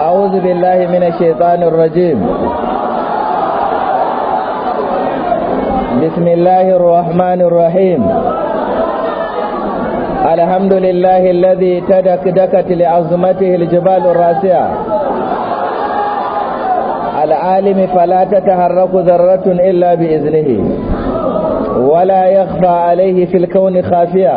أعوذ بالله من الشيطان الرجيم بسم الله الرحمن الرحيم الحمد لله الذي تدك دكت لعظمته الجبال الراسعة العالم فلا تتحرك ذرة إلا بإذنه ولا يخفى عليه في الكون خافية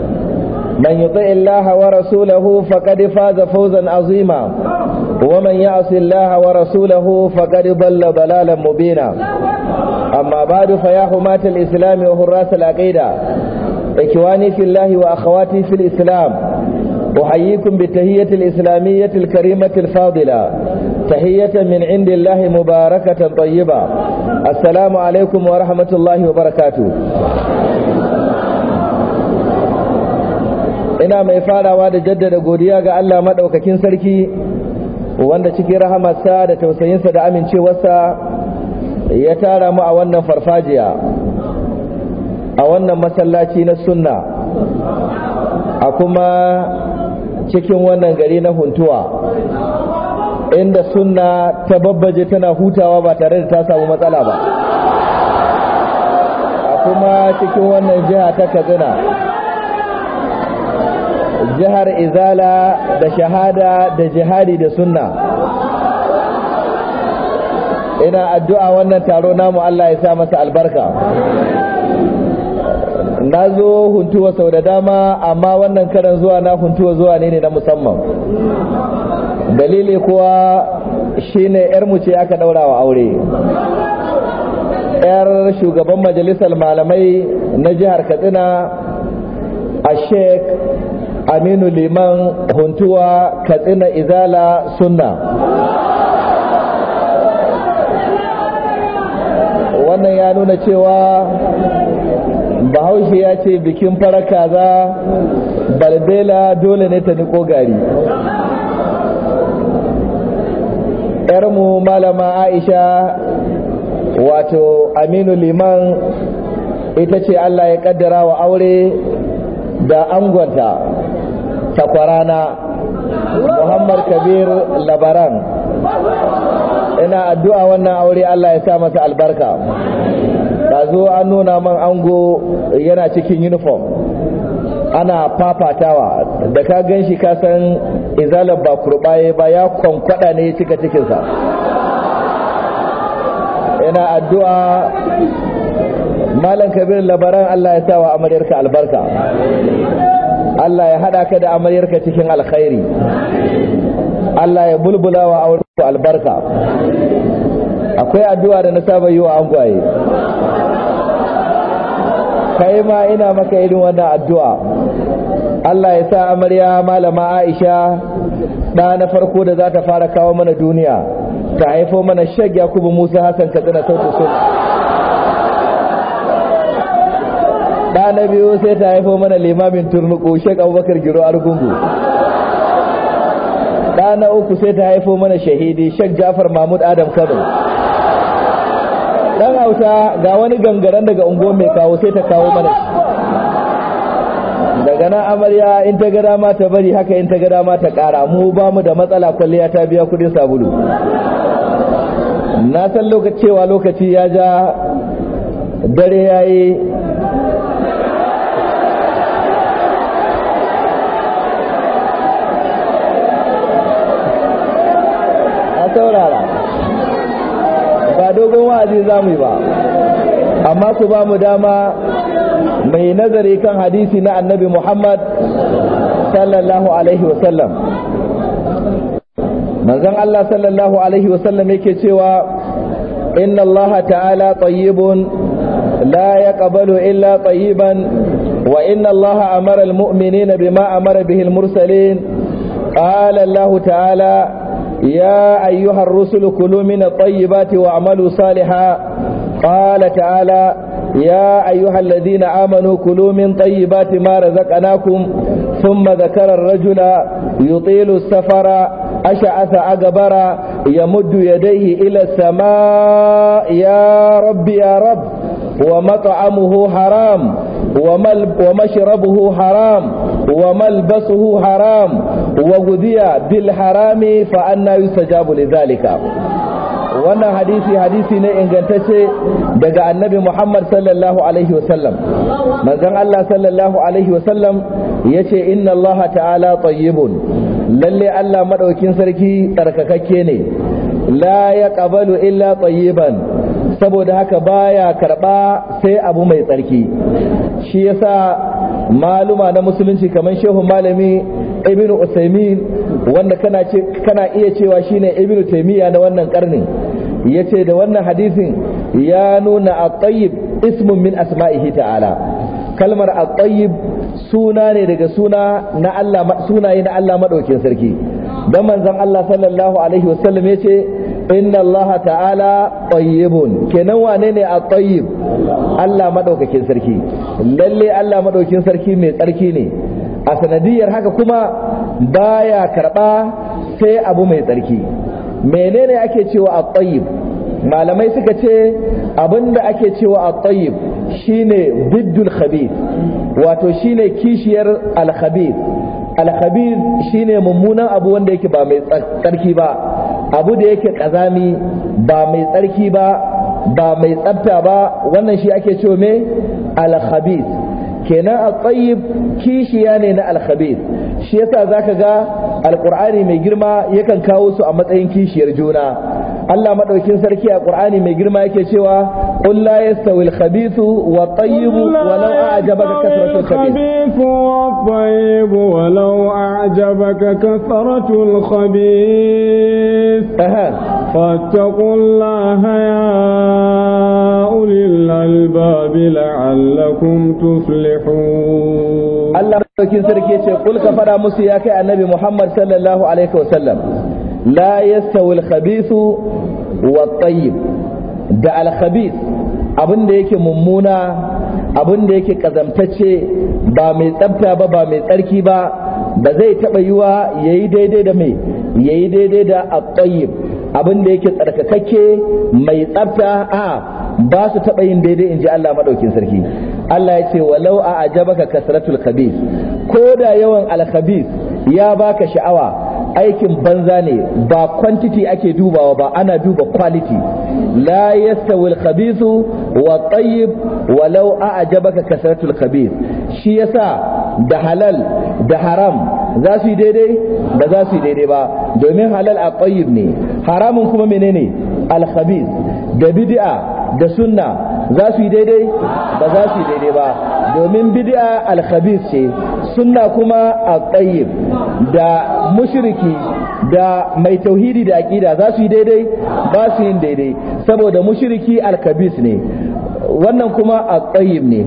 من يطع الله ورسوله فقد فاز فوزا عظيما ومن يعص الله ورسوله فقد ضل ضلالا مبينا أما بعد فيا حماة الإسلام وحراس العقيدة إخواني في الله وأخواتي في الإسلام أحييكم بالتهية الإسلامية الكريمة الفاضلة تحية من عند الله مباركة طيبة السلام عليكم ورحمة الله وبركاته ina mai farawa da jaddada godiya ga Allah maɗaukakin sarki wanda cikin rahamarsa da tausayinsa da amincewarsa ya tara mu a wannan farfajiya a wannan masallaci na sunna a kuma cikin wannan gari na huntuwa inda sunna ta babbaje tana hutawa ba tare da ta samu matsala ba a kuma cikin wannan jiha ta kaduna jihar izala da shahada da jihadi da sunna ina addu'a wannan taro namu Allah ya sa masa albarka na zo huntuwa sau da dama amma wannan karan zuwa na huntuwa zuwa ne ne na musamman dalili kuwa shine mu ce aka daura wa aure yar shugaban majalisar malamai na jihar katsina a sheik aminu liman huntuwa katsina izala sunna wannan ya nuna cewa bahaushe ya ce bikin fara kaza balbela dole ne ta niko gari yarmu malama aisha wato aminu liman ita ce allah ya kaddara wa aure da angonta takwarana muhammad kabir labaran ina addu'a wannan aure allah ya sa masa albarka da zo an nuna man ango yana cikin uniform ana fafatawa da ka gan shi kasan izalar ba kurbaye ba ya kwankwada ne cika cikinsa ina addu'a malam kabir labaran allah ya sa wa amaryarka albarka Allah ya hada ka da amaryarka cikin alkhairi Allah ya bulbula wa auratu albarka akwai addu'a da na saba yi wa angwaye kai ma ina maka irin wannan addu'a Allah ya sa amarya malama Aisha da na farko da za ta fara kawo mana duniya ta haifo mana shag Yakubu Musa Hassan Katsina sautu sun da na biyu sai ta haifo mana limamin turnuku shek abubakar giro argungu da na uku sai ta haifo mana shahidi shek jafar mahmud adam kano Ɗan hausa ga wani gangaren daga ungo mai kawo sai ta kawo mana daga nan amarya in ta gada ma ta bari haka in ta gada ma ta kara mu ba mu da matsala kwalliya ta biya kudin sabulu na san lokacewa lokaci ya ja dare ya yi. za mu ba amma ku ba mu dama mai nazari kan hadisi na annabi muhammad sallallahu alaihi wasallam manzon allah sallallahu alaihi wasallam yake cewa inna allaha ta'ala tayyibun la yaqbalu illa tayyiban wa inna allaha amara almu'minina bima amara bihi almursalin qala allah ta'ala يا أيها الرسل كلوا من الطيبات واعملوا صالحا قال تعالى يا أيها الذين آمنوا كلوا من طيبات ما رزقناكم ثم ذكر الرجل يطيل السفر أشعث أقبر يمد يديه إلى السماء يا رب يا رب ومطعمه حرام ومشربه حرام وملبسه حرام وغذي بالحرام فأنا يستجاب لذلك wannan hadisi hadisi ne ingantacce daga annabi Muhammad sallallahu alaihi wasallam manzon Allah sallallahu alaihi wasallam yace inna Allah ta'ala tayyibun Lallai Allah madaukin sarki tsarkakakke ne la yaqbalu illa tayyiban saboda haka baya karɓa sai abu mai tsarki shi yasa maluma na musulunci kamar shehu malami ibnu usaimin wanda kana ce kana iya cewa shine ibnu taymiya na wannan ya yace da wannan hadisin ya nuna at-tayyib ismun min asma'ihi ta'ala kalmar at-tayyib suna ne daga suna na Allah sunaye na Allah madaukin sarki dan manzon Allah sallallahu alaihi wasallam yace inna allaha ta'ala tayyibun kenan wane ne a tayyib Allah madaukakin sarki lalle Allah madaukakin sarki mai tsarki ne a sanadiyar haka kuma baya karba sai abu mai tsarki menene ake cewa a tayyib malamai suka ce abinda ake cewa a tayyib shine biddul khabith wato shine kishiyar al khabith al khabith shine mummunan abu wanda yake ba mai tsarki ba abu da yake ƙazami ba mai tsarki ba ba mai tsafta ba wannan shi ake cewa me al kenan a tayyib kishiya ne na al-khabith shi yasa zaka ga Alƙur'ani mai girma yakan kawo su a matsayin kishiyar juna Allah madaukin sarki a Qur'ani mai girma yake cewa qul la yastawi al-khabithu wa at-tayyibu wa law a'jabaka kathratu al-khabith wa tayyibu wa law a'jabaka kathratu al-khabith Allah ya ulil albab la'allakum tuflihun Allah madaukin musu ya kai annabi Muhammad la يستوي الخبيث والطيب wat الخبيث da abin da yake mummuna abin da yake kazamtacce ba mai tsafta ba ba mai tsarki ba ba zai taɓa yiwa yayi daidai da mai yayi daidai da tayyib abin da yake tsarkakakke mai tsabta a ba su taɓa yin daidai in ji Allah maɗaukin sarki Allah ya ce walau a ajabaka kasratul khabis ko da yawan al ya baka sha'awa aikin banza ne ba quantity ake dubawa ba ana duba quality la yastawi al-khabithu wa tayyib walau a'jabaka al khabith shi yasa da halal da haram za su yi daidai ba za su yi daidai ba domin halal a tayyib ne haramun kuma menene al-khabith da bid'a da sunna za su yi daidai ba za su yi daidai ba domin bid'a al-khabith ce sunna kuma a tsayyib da mushriki da mai tauhidi da aƙida za su yi daidai ba su yin daidai saboda mushriki alkabis ne wannan kuma a tsayyib ne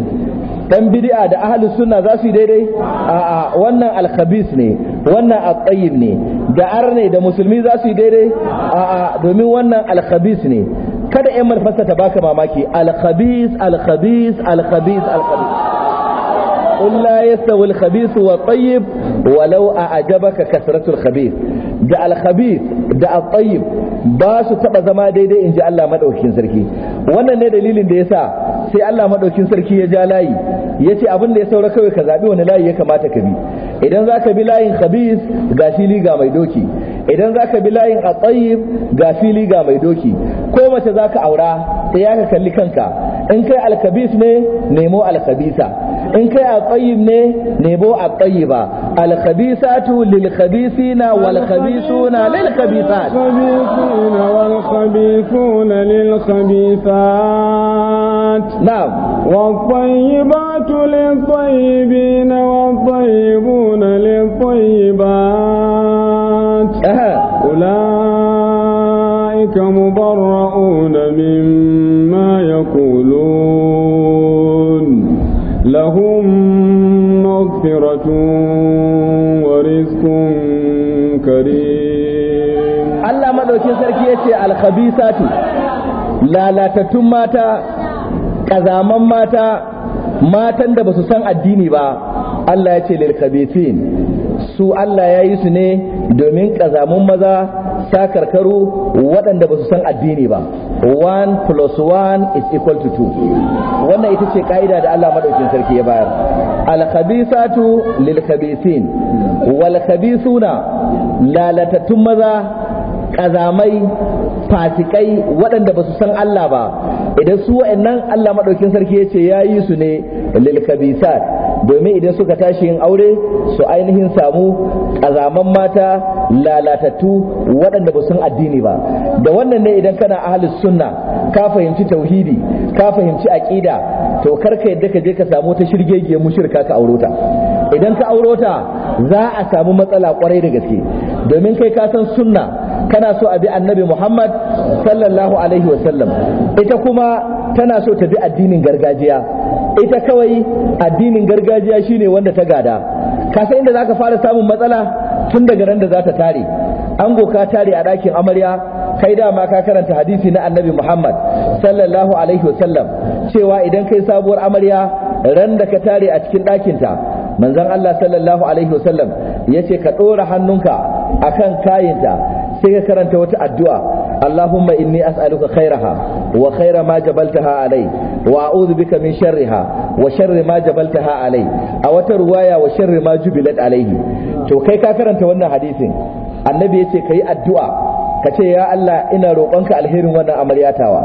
dan bid'a da ahlus sunna za su yi daidai a wannan alkabis ne wannan a tayyib ne da arne da musulmi za su yi daidai a domin wannan alkabis ne kada yan malfasa ta baka mamaki alkhabis alkhabis alkhabis alkhabis qul la wa at a ajaba ka kasratu da al da at ba su taba zama daidai inji Allah madaukakin sarki wannan ne dalilin da yasa sai Allah madaukakin sarki ya ja layi yace abin da ya saura kawai ka zabi wani layi ya kamata ka bi idan za ka bi layin khabis ga fili ga mai doki idan za ka bi layin a tsayib ga fili ga mai doki ko mace za ka aura sai ya ka kalli kanka in kai alkabis ne nemo alkabisa in kai a tsayib ne nemo a tsayiba alkabisatu lilkabisina walkabisuna lilkabisat والخبيثون للخبيثات na والطيبات للطيبين والطيبون للطيبات أولئك مبرؤون مما يقولون لهم مغفرة ورزق كريم الله ما دوكي سركي يتي الخبيثات lalatattun mata ƙazaman mata matan da ba su san addini ba Allah ya ce lilkabitin su Allah ya yi su ne domin ƙazamun maza sa karkaru waɗanda ba su san addini ba one plus one is equal to two wannan ita ce ƙa'ida da Allah maɗaukin sarki ya bayar alkhabisatu lilkabitin walkhabisuna lalatattun maza kazamai fasikai waɗanda ba su san Allah ba idan su wa'annan Allah maɗaukin sarki ya ce ya yi su ne lil domin idan suka tashi yin aure su ainihin samu kazaman mata lalatattu waɗanda ba su san addini ba da wannan ne idan kana ahlus sunna ka fahimci tauhidi ka fahimci aqida to karka yadda ka je ka samu ta shirgegiyar mushirka ka ta idan ka aurota za a samu matsala kwarai da gaske domin kai ka san sunna kana so a bi annabi Muhammad sallallahu alaihi wasallam ita kuma tana so ta bi addinin gargajiya ita kawai addinin gargajiya shine wanda ta gada ka san inda zaka fara samun matsala tun daga ran da za ta tare ango ka tare a ɗakin amarya kai dama ka karanta hadisi na annabi Muhammad sallallahu alaihi wasallam cewa idan kai sabuwar amarya ran da ka tare a cikin ɗakinta manzon Allah sallallahu alaihi wasallam yace ka ɗora hannunka akan kayinta sai ka karanta wata addu'a Allahumma inni as'aluka khairaha wa khaira ma jabaltaha alai wa a'udhu bika min sharriha wa sharri ma jabaltaha alai a wata ruwaya wa sharri ma jubilat alaihi to kai ka karanta wannan hadisin annabi yace kai addu'a ka ce ya Allah ina roƙonka alherin wannan amaryatawa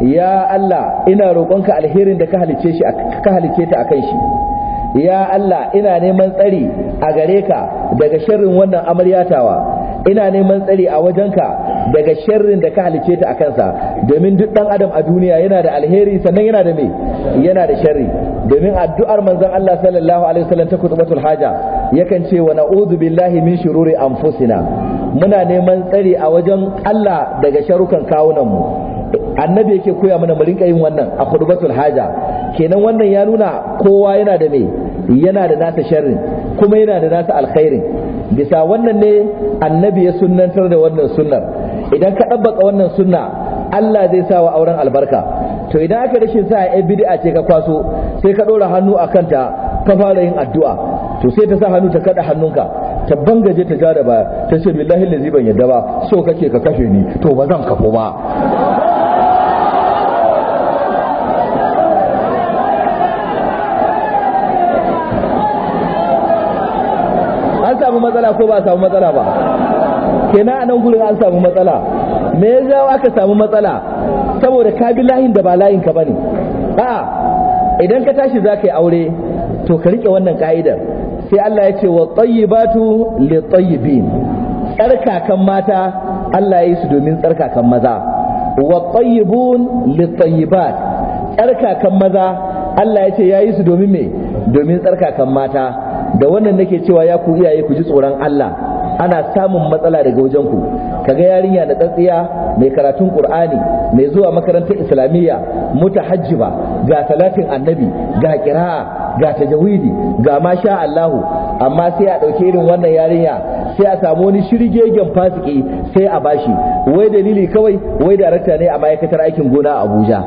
ya Allah ina roƙonka alherin da ka halice shi ka halice ta akan shi ya Allah ina neman tsari a gare ka daga sharrin wannan amaryatawa ina neman tsari a wajenka daga sharrin da ka halice ta a kansa domin duk dan adam a duniya yana da alheri sannan yana da me yana da sharri domin addu'ar manzon Allah sallallahu alaihi wasallam ta kutubatul haja yakan ce wa na'udhu billahi min shururi anfusina muna neman tsari a wajen Allah daga sharukan kawunan mu annabi yake koya mana mu rinka yin wannan a kutubatul haja kenan wannan ya nuna kowa yana da me yana da nasa sharrin kuma yana da nasa alkhairin bisa wannan ne annabi ya sunnantar da wannan sunnar idan ka ɗabbaka wannan sunna Allah zai sa wa auren albarka to idan aka rashin sa a bid'a ce ka kwaso sai ka ɗora hannu a ta ka fara yin addu'a to sai ta sa hannu ta kaɗa hannunka ta bangaje ta ja da baya ta ce billahi lazi ban yadda ba so kake ka kashe ni to ba zan kafo ba matsala ko ba samu matsala ba kenan a nan gurin an samu matsala me ya jawo aka samu matsala saboda ka bi layin da ba layin ka bane a idan ka tashi za ka yi aure to ka rike wannan ka'idar sai Allah ya ce wa tayyibatu li tayyibin tsarkakan mata Allah ya yi su domin tsarkakan maza wa tayyibun li tayyibat tsarkakan maza Allah ya ce ya yi su domin me domin tsarkakan mata da wannan nake cewa ya ku iyaye ku ji tsoron Allah ana samun matsala daga wajen ku kaga yarinya na tsatsiya mai karatun Qur'ani mai zuwa makarantar Islamiyya mutahajjiba ga talatin annabi ga kira'a ga tajawidi ga masha Allahu amma sai a dauke irin wannan yarinya sai a samu wani shirgegen fasiki sai a bashi wai dalili kawai wai darakta ne a ma'aikatar aikin gona a Abuja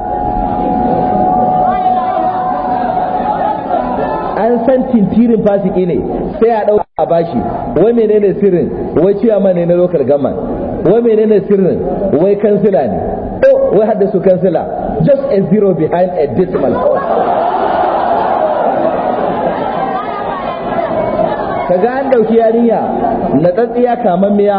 an san tintirin fasiki ne sai a ɗauka a bashi wai menene sirrin wai ciyama ne na lokal gama wai menene sirrin wai kansila ne Ko oh, wai hadda su kansila just a zero behind a decimal kaga an ɗauki yarinya na tsatsiya miya,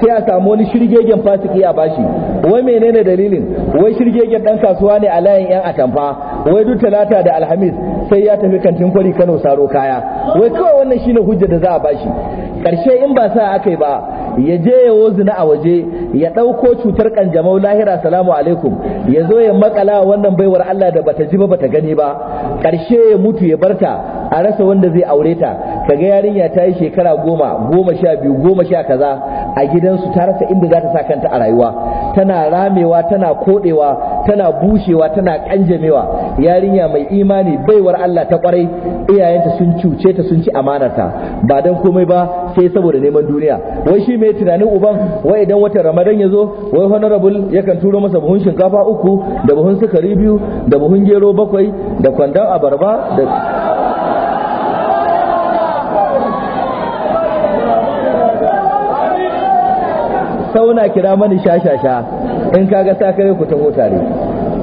sai a samu wani shirgegen fasiki a bashi wai menene dalilin wai shirgegen dan kasuwa ne a layin yan atamfa wai duk talata da alhamis sai ya tafi kantin kwari kano saro kaya wai kawai wannan shine hujja da za a bashi karshe in ba sa aka yi ba ya je ya wozu na a waje ya ɗauko cutar kanjamau lahira salamu alaikum ya zo ya makala wannan baiwar Allah da bata ji ba bata gani ba karshe ya mutu ya barta a rasa wanda zai aure ta kaga yarinya ta yi shekara goma goma sha biyu goma sha kaza a gidansu ta rasa inda za ta sa kanta a rayuwa tana ramewa tana kodewa tana bushewa tana kanjamewa yarinya mai imani baiwar Allah ta kwarai iyayenta sun cuce ta sun ci amanarta ba dan komai ba sai saboda neman duniya wai shi mai tunanin uban wai idan watan Ramadan ya zo wai honorable yakan turo masa buhun shinkafa uku da buhun sukari biyu da buhun gero bakwai da kwandon abarba da sauna kira mani shashasha in kaga sakare ku taho tare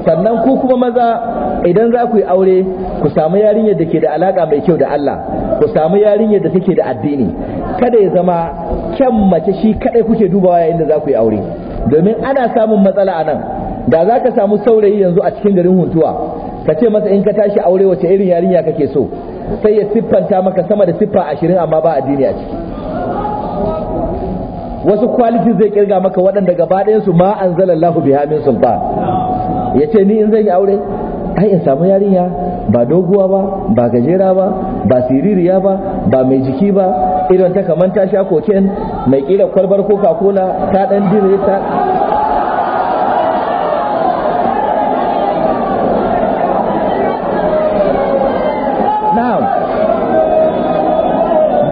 sannan ku kuma maza idan za ku yi aure ku samu yarinyar da ke da alaka mai kyau da Allah ku samu yarinyar da take da addini kada ya zama kyan mace shi kadai kuke dubawa yayin da za ku yi aure domin ana samun matsala a nan da za ka samu saurayi yanzu a cikin garin huntuwa ka ce masa in ka tashi aure wace irin yarinya kake so sai ya siffanta maka sama da siffa ashirin amma ba addini a ciki wasu kwalitin zai kirga maka waɗanda gaba ɗayan su ma anzalallahu biha min Ya ce ni in zan yi aure ai in samu yarinya ba doguwa ba ba gajera ba ba siririya ba ba mai jiki ba irin ta kaman ta sha koken mai kira kwalbar koka kola ta dan dire ta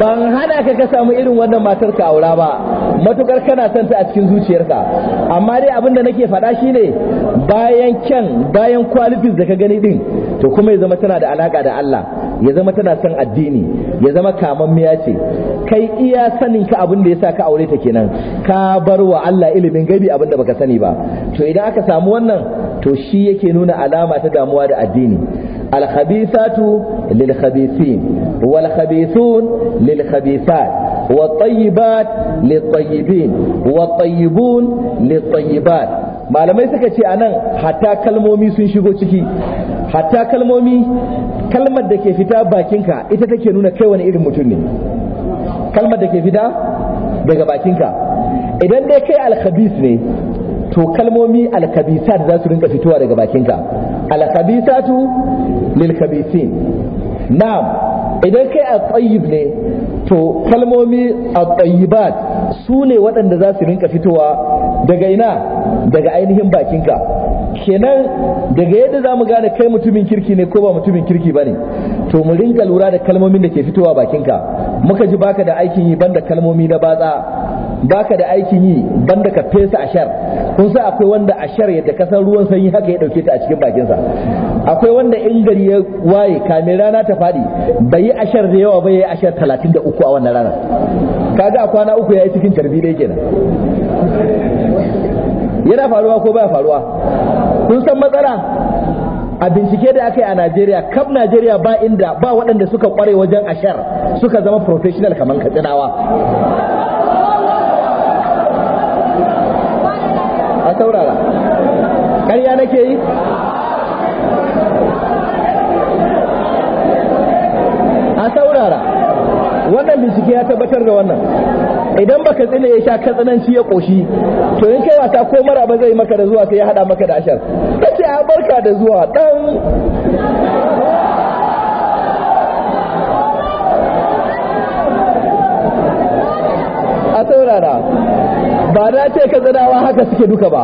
ban hana ka ka samu irin wannan matar ka aura ba matukar kana son ta a cikin zuciyarka amma dai abin da nake faɗa ne bayan kyan bayan kwalifis da ka gani din to kuma ya zama tana da alaka da Allah ya zama tana son addini ya zama miya ce kai iya sanin ka abin da sa ka aure ta kenan ka bar wa Allah ilimin gaibi abin da baka sani ba to idan aka samu wannan to shi yake nuna alama ta damuwa da addini al-khabithatu lil-khabithin wal-khabithun lil-khabithat والطيبات للطيبين والطيبون للطيبات malamai suka ce a nan hatta kalmomi sun shigo ciki hatta kalmomi kalmar da ke fita bakinka ita take nuna kai wani irin mutum ne kalmar da ke fita daga bakinka idan dai kai alkhabis ne to kalmomi alkhabisat za su rinka fitowa daga bakinka alkhabisatu lilkhabisin na'am idan kai a tsayib ne to kalmomi a tsayibat su ne waɗanda za su rinka fitowa daga ina daga ainihin bakinka kenan daga yadda za mu gane kai mutumin kirki ne ko ba mutumin kirki ba ne to mu rinka lura da kalmomin da ke fitowa bakinka muka ji baka da aikin yi banda kalmomi na batsa baka da aikin yi banda ka fesa ashar kun sa akwai wanda ashar yadda san ruwan sanyi haka ya dauke ta a cikin bakinsa akwai wanda in gari ya waye kamin rana ta fadi bai yi ashar da yawa ba ya yi ashar talatin da uku a wannan ranar kaga a kwana uku ya yi cikin tarbi dai kenan yana faruwa ko baya faruwa kun san matsala a bincike da aka yi a Najeriya kam Najeriya ba inda ba waɗanda suka kware wajen ashar suka zama professional kamar katsinawa saurara ƙarya nake yi a saurara wannan bincike ya tabbatar da wannan idan baka tsina ya sha katsananci ya ƙoshi to in kai wata ko mara ba zai maka da zuwa sai ya hada maka da ashar kace a barka da zuwa ɗan. a saurara ba za ce ka tsanawa haka suke duka ba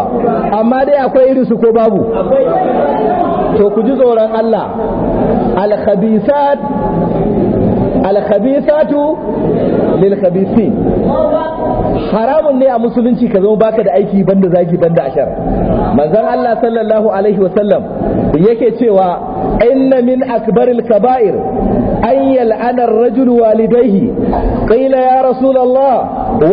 amma dai akwai irin su ko babu to ku ji tsoron Allah al-khabisat haramun ne a musulunci ka zama baka da aiki banda zagi banda ashar manzon Allah sallallahu alaihi wasallam yake cewa inna min akbaril kaba'ir يلعن الرجل والديه قيل يا رسول الله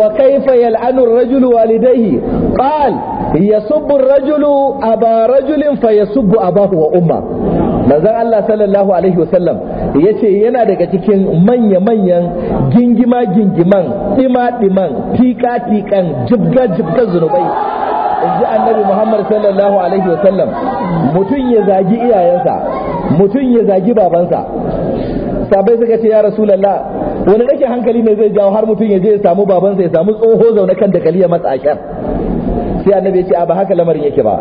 وكيف يلعن الرجل والديه قال يسب الرجل أبا رجل فيسب أباه وأمه manzon Allah sallallahu alaihi wasallam ya ce yana daga cikin manya-manyan gingima-gingiman ɗima-ɗiman tika-tikan jibga-jibga zunubai Inji annabi Muhammad sallallahu alaihi wasallam mutum ya zagi iyayensa mutum ya zagi babansa sabai suka ce ya rasulallah wani rashin hankali ne zai jawo har mutum ya je ya samu babansa ya samu tsoho zaune kan dakali ya matsa kyar sai annabi ya ce a ba haka lamarin yake ba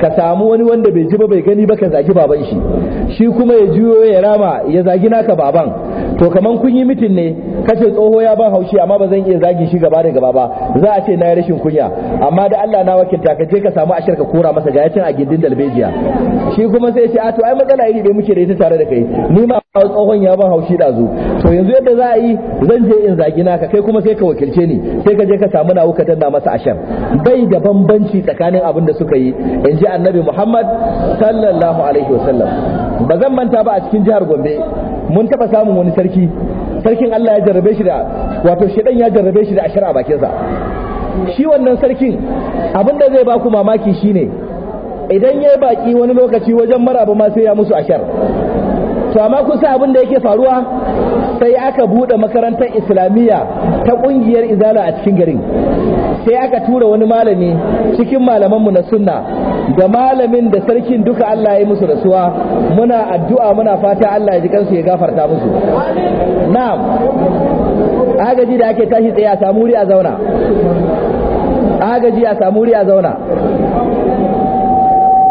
ka samu wani wanda bai ji ba bai gani ba ka zagi baban shi shi kuma ya juyo ya rama ya zagi naka baban to kaman kun yi mitin ne kace tsoho ya ban haushi amma ba zan iya zagi shi gaba da gaba ba za a ce na yi rashin kunya amma da Allah na wakilta ka je ka samu ashir ka kora masa ga yacin a gindin dalbejiya shi kuma sai ya ce a to ai matsala iri da muke da ita tare da kai ni ma tsohon ya ban haushi da zu to yanzu yadda za a yi zan je in zagi naka kai kuma sai ka wakilce ni sai ka je ka samu nawo ka danna masa ashar bai da bambanci tsakanin abin da suka yi in ji annabi Muhammad sallallahu alaihi wasallam ba zan manta ba a cikin jihar Gombe mun taba samun wani sarki sarkin Allah ya jarrabe shi da wato shedan ya jarrabe shi da ashar a bakinsa shi wannan sarkin abin da zai baku mamaki shine idan ya baki wani lokaci wajen maraba ma sai ya musu ashar to amma kun sa abin da yake faruwa sai aka bude makarantar islamiyya ta kungiyar izala a cikin garin sai aka tura wani malami cikin malamanmu na sunna da malamin da sarkin duka Allah ya yi musu rasuwa muna addu'a muna fata Allah ya ji kansu ya gafarta musu na'am agaji da ake tashi tsaye a samu a zauna agaji a samu wuri a zauna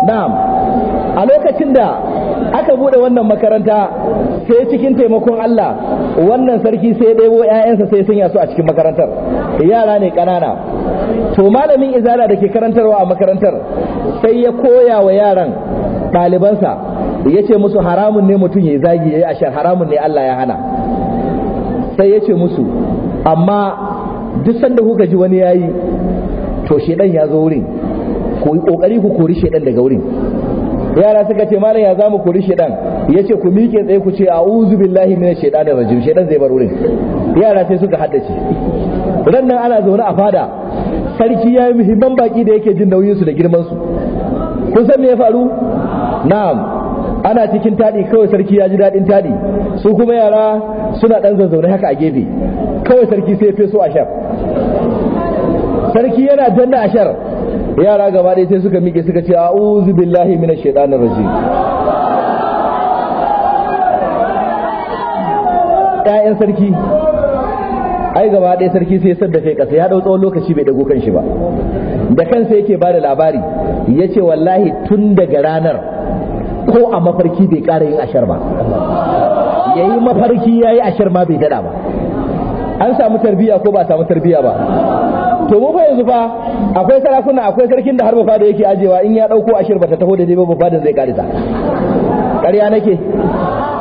na'am a lokacin da aka bude wannan makaranta sai cikin taimakon Allah wannan sarki sai ɗebo ‘ya'yansa sai sun yasu a cikin makarantar yara ne ƙanana to malamin izala da ke karantarwa a makarantar sai ya koya wa yaran ɗalibansa ya ce musu haramun ne mutum ya zagi ya yi ashar haramun ne Allah ya hana sai ya ce musu amma duk sanda kuka ji wani yayi to shedan ya zo wurin ku ku kori shedan daga wurin yara suka ce malam ya zamu kori shedan ce ku miƙe tsaye ku ce a'udhu billahi minash shaitanir rajim shedan zai bar wurin yara sai suka haddace ran nan ana zaune a fada sarki ya yi muhimman baki da yake jin nauyinsu da girman su kun san me ya faru na'am ana cikin tadi kawai sarki ya ji dadin tadi su kuma yara suna dan zazzaune haka a gefe kawai sarki sai ya feso ashar sarki yana danna ashar yara gaba ɗaya sai suka miƙe suka ce a'udhu billahi minash shaitanir rajim ƴaƴan sarki ai gaba ɗaya sarki sai ya kai ƙasa ya ɗau tsawon lokaci bai ɗago kan ba da kansa yake ba da labari ya wallahi tun daga ranar ko a mafarki bai ƙara yin ashar ba ya mafarki ya yi ashar ma bai daɗa ba an samu tarbiyya ko ba samu tarbiyya ba to mu fa yanzu fa akwai sarakuna akwai sarkin da har ba yake ajewa in ya dauko ashir bata taho da dai ba ba da zai karita ƙarya nake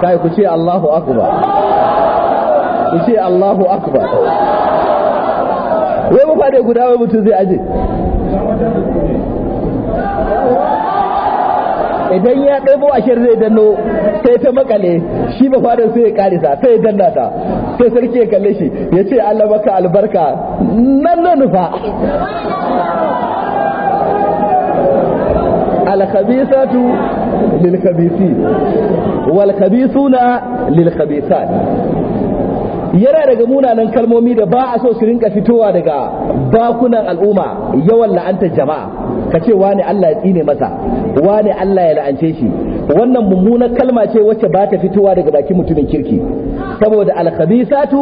kai ku ce Allahu akbar ku ce Allahu akbar wai ba guda wai mutum zai aje idan ya ɗaibo ashir zai danno sai ta makale shi ba fadar sai ya karisa sai ya danna ta sai sarki ya kalle shi ya ce Allah baka albarka nan na nufa alkhabisatu lilkhabisi walkhabisuna lilkhabisat yana daga munanan kalmomi da ba a so su rinka fitowa daga bakunan al'umma yawan la'antar jama'a ka ce wani Allah ya tsine masa wani Allah ya la'ance shi wannan mummunar kalma ce wacce ba ta fitowa daga bakin mutumin kirki saboda al-khabisatu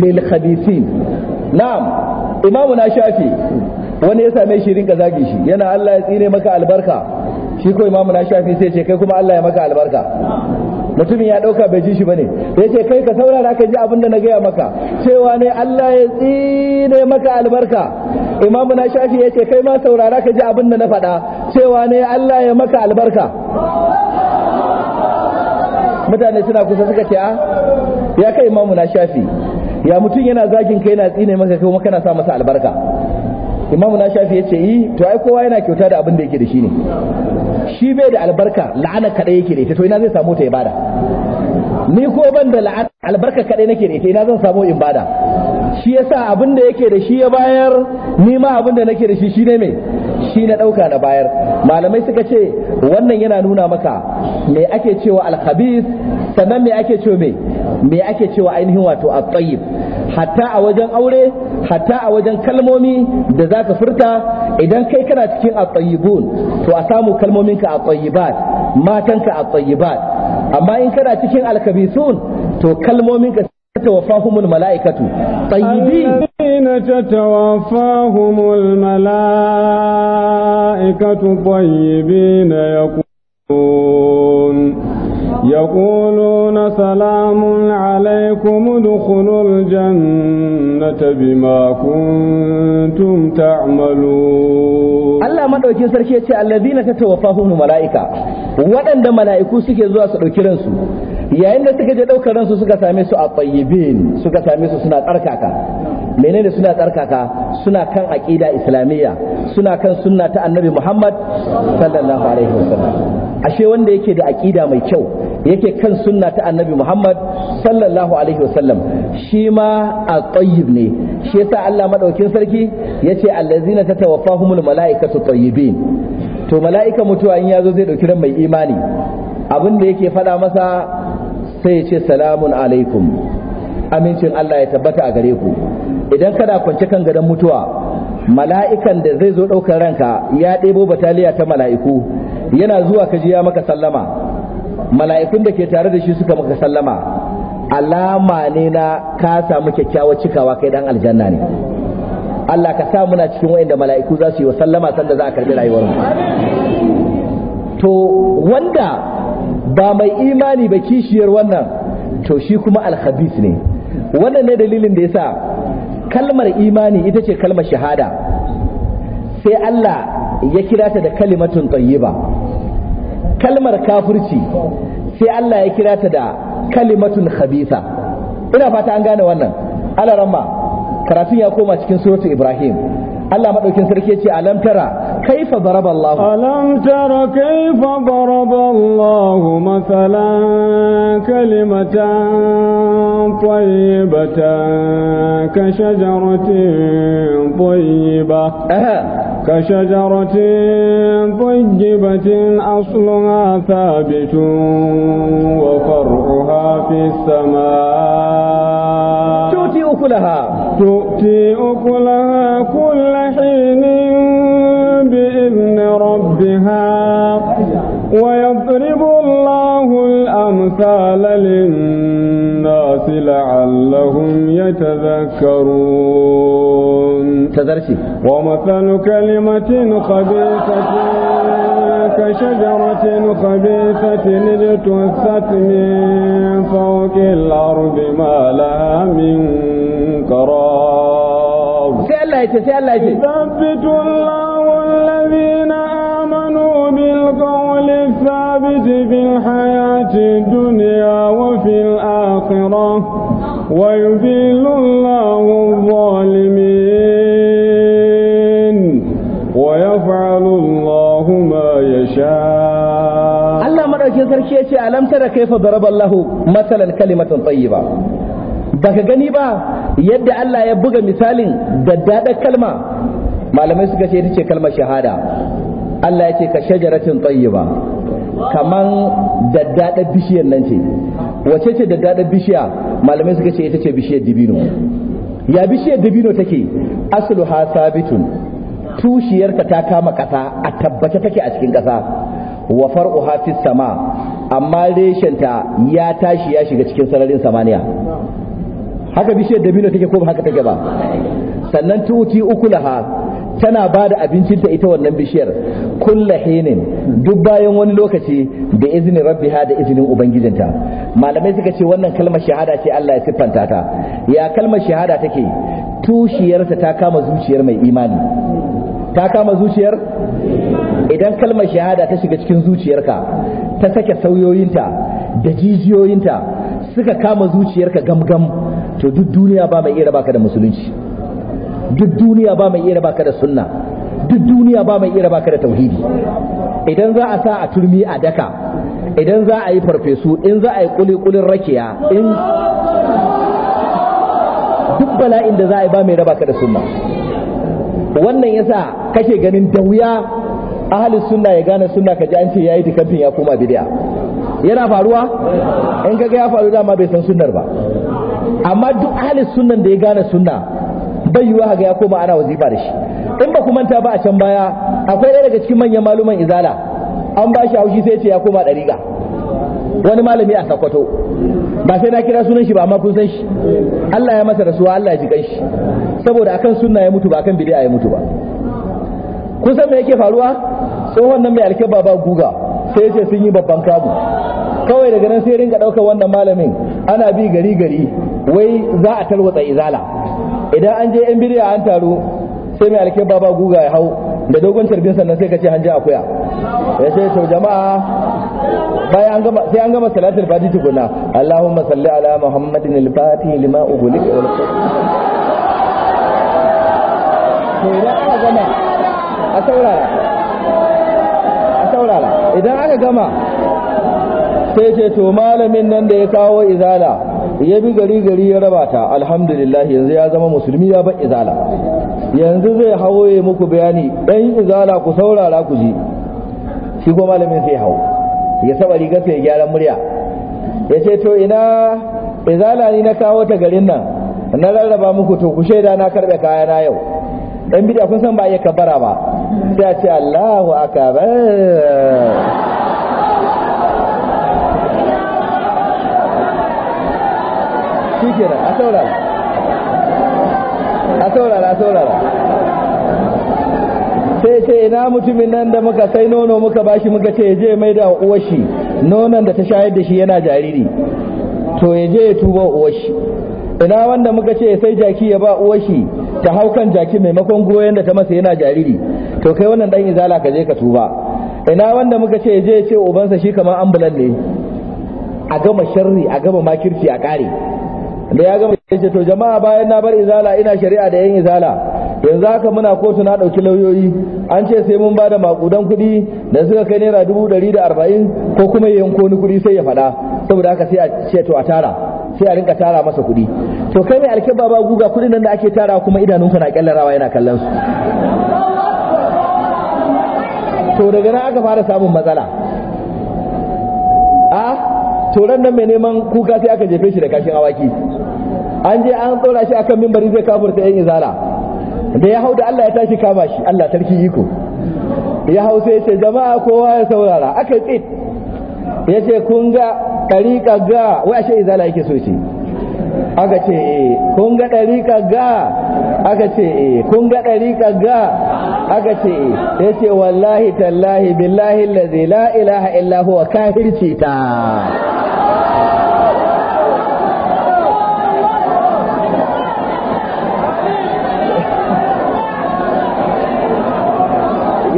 lil khabisin na'am imamu na shafi wani ya same shi rinka zagi shi yana Allah ya tsine maka albarka shi ko imamu na shafi sai ce kai kuma Allah ya maka albarka mutumin ya dauka bai ji shi bane ya ce kai ka saurara ka ji abin da na gaya maka cewa ne Allah ya tsine maka albarka imamu na shafi ya ce kai ma saurara ka ji abin da na faɗa cewa ne Allah ya maka albarka mutane suna kusa suka ce a ah, ya kai imamu na shafi ya mutum yana zagin kai yana tsine maka kai kana sa masa albarka imamu na shafi ya ce yi to ai kowa yana kyauta da abin da yake da shi ne shi bai da albarka la'ana kaɗai yake da ita to ina zai samu ta ibada ni ko ban da albarka kaɗai nake da ita ina zan samu in bada shi yasa abin da yake da shi ya bayar ni ma abin da nake da shi shine me shi na ɗauka na bayar malamai suka ce wannan yana nuna maka me ake cewa alhabis sannan me ake cewa me me ake cewa ainihin wato a tayyib hatta a wajen aure hatta a wajen kalmomi da zaka ka furta idan kai kana cikin at-tayyibun to a samu kalmomin kalmominka a matan matanka at-tayyibat amma in kana cikin alkabisun to kalmomin ka تتوفاهم الملائكة طيبين الذين تتوفاهم الملائكة طيبين يقولون سلام عليكم دخلوا الجنة بما كنتم تعملون الله ما دوكين سركي الذين تتوفاهم الملائكة waɗanda mala'iku suke زوا su ɗauki yayin da suka je ɗaukar ransu suka same su a tayyibin suka same su suna tsarkaka menene suna tsarkaka suna kan aqida islamiyya suna kan sunna ta annabi Muhammad sallallahu alaihi wasallam ashe wanda yake da aqida mai kyau yake kan sunna ta annabi Muhammad sallallahu alaihi wasallam shi ma a tayyib ne shi yasa Allah madaukin sarki yace allazina tatawaffahumul malaikatu tayyibin to mala'ika mutuwa in yazo zai dauki ran mai imani abin da yake faɗa masa sai ya ce salamun alaikum amincin Allah ya tabbata a gare ku idan kana kwance kan gadon mutuwa mala'ikan da zai zo ɗaukar ranka ya ɗebo bataliya ta mala'iku yana zuwa ka ji ya maka sallama mala'ikun da ke tare da shi suka maka sallama alama ne na ka samu kyakkyawar cikawa kai dan aljanna ne Allah ka sa muna cikin wa'inda mala'iku za su yi wa sallama sanda za a karbi rayuwar to wanda ba mai imani ba kishiyar wannan to shi kuma alhabis ne wannan ne dalilin da yasa kalmar imani ita ce kalmar shahada sai Allah ya kira ta da kalimatun tayyiba kalmar kafirci sai Allah ya kira ta da kalimatun khabisa ina fata an gane wannan ramma karatun ya koma cikin suratul ibrahim Allah madaukin sarki ya ce alam tara كيف ضرب الله ألم تر كيف ضرب الله مثلا كلمة طيبة كشجرة طيبة كشجرة طيبة أصلها ثابت وفرعها في السماء تؤتي أكلها تؤتي أكلها كل حين ربها ويضرب الله الأمثال للناس لعلهم يتذكرون تذرشي ومثل كلمة خبيثة كشجرة خبيثة اجتثت من فوق الأرض ما لها من قرار سأل الله يتسأل الله يتسأل الله الذي الثابت في الحياة الدنيا وفي الآخرة ويذل الله الظالمين ويفعل الله ما يشاء الله مرأة سرشية ألم ترى كيف ضرب الله مثلا كلمة طيبة baka gani ba yadda Allah ya buga misalin daddada kalma malamai suka ce ita ce kalmar shahada Allah ya ce ka shajaratin tayyiba kaman daddadar bishiyar nan ce wace ce daddadar bishiya malamai suka ce ita ce bishiyar dibino ya bishiyar dibino take ha sabitun tushiyarta ta kama kasa a tabbata take a cikin kasa wa far'uha fis sama amma reshenta ya tashi ya shiga cikin sararin samaniya haka bishiyar dabino take ko ba haka take ba sannan tuti ukulaha tana ba da abincinta ita wannan bishiyar kulla hinin duk bayan wani lokaci da izinin rabbiha da izinin ubangijinta malamai suka ce wannan kalmar shahada ce Allah ya siffanta ta ya kalmar shahada take tushiyarsa ta kama zuciyar mai imani ta kama zuciyar idan kalmar shahada ta shiga cikin zuciyarka ta sake sauyoyinta da jijiyoyinta suka kama zuciyarka gamgam to duk duniya ba mai iya raba ka da musulunci duk duniya ba mai iya baka da sunna duk duniya ba mai iya baka da tauhidi idan za a sa a turmi a daka idan za a yi farfesu in za a yi kulikulin rakiya in duk bala'in da za a yi ba mai raba ka da sunna wannan yasa kake ganin da wuya ahalin sunna ya gane sunna ka ji an ce yayi tikantin ya koma bid'a yana faruwa in kaga ya faru dama bai san sunnar ba amma duk ahalin sunnan da ya gane sunna bai yiwa ga ya koma ana wazifa da shi in ba ku manta ba a can baya akwai ɗaya daga cikin manyan maluman izala an ba shi haushi sai ce ya koma ɗariƙa wani malami a sakwato ba sai na kira sunan shi ba amma kun san shi Allah ya masa rasuwa Allah ya ji shi saboda akan sunna ya mutu ba akan bid'a ya mutu ba kun san me yake faruwa tsohon nan mai alkeba baba guga sai ya ce sun yi babban kamu kawai daga nan sai ringa ɗaukar wannan malamin ana bi gari gari wai za a tarwatsa izala idan an je yan birya an taro sai mai alkin baba guga ya hau da dogon carbin sannan sai ka ce hanji akuya ya ce to jama'a bayan an gama sai an gama salatul fati tukuna Allahumma salli ala Muhammadin al-Fatih lima ughliqa idan aka gama a saurara a saurara idan aka gama sai ce to malamin nan da ya kawo izala ya bi gari gari ya raba ta alhamdulillah yanzu ya zama musulmi ya bar izala yanzu zai hawo ya muku bayani ɗan izala ku saurara ku ji shi ko malamin sai hau ya saba rigar sai gyaran murya ya ce to ina izala ni na kawo ta garin nan na rarraba muku to ku shaida na karɓe kayana yau Dan bidiya kun san ba ya kabara ba sai a ce Allahu akbar shi a saurara sai ce ina mutumin nan da muka sai nono muka bashi muka ce je mai da uwar shi nonon da ta shayar da shi yana jariri to ya je ya tuba uwar shi ina wanda muka ce sai jaki ya ba uwar shi ta hau kan jaki maimakon goyon da ta masa yana jariri to kai wannan dan izala ka je ka tuba ina wanda muka ce je ce ubansa shi kamar ambulan ne a gama sharri a gama makirci a kare da ya gama ya ce to jama'a bayan na bar izala ina shari'a da yan izala yanzu haka muna kotu na ɗauki lauyoyi an ce sai mun bada makudan kuɗi da suka kai naira dubu ɗari da arba'in ko kuma ya yanko ni kuɗi sai ya faɗa saboda haka sai a ce to a tara sai a rinka tara masa kuɗi to kai mai alkiba ba guga kuɗin nan da ake tara kuma idanunka na kyallarawa yana kallon su to daga nan aka fara samun matsala a to nan mai neman kuka sai aka jefe shi da kashin awaki an je an tsora shi akan mimbari zai kafurta yan izara da ya hau da Allah ya tashi kama shi Allah tarki iko ya hau sai ce jama'a kowa ya saurara aka tsit ya ce kun ga ɗariƙa ga wai ashe izala yake so ce aka ce eh kun ga ɗariƙa ga aka ce eh kun ga ɗariƙa ga aka ce eh ya ce wallahi tallahi billahi lazi la ilaha illa huwa kafirci ta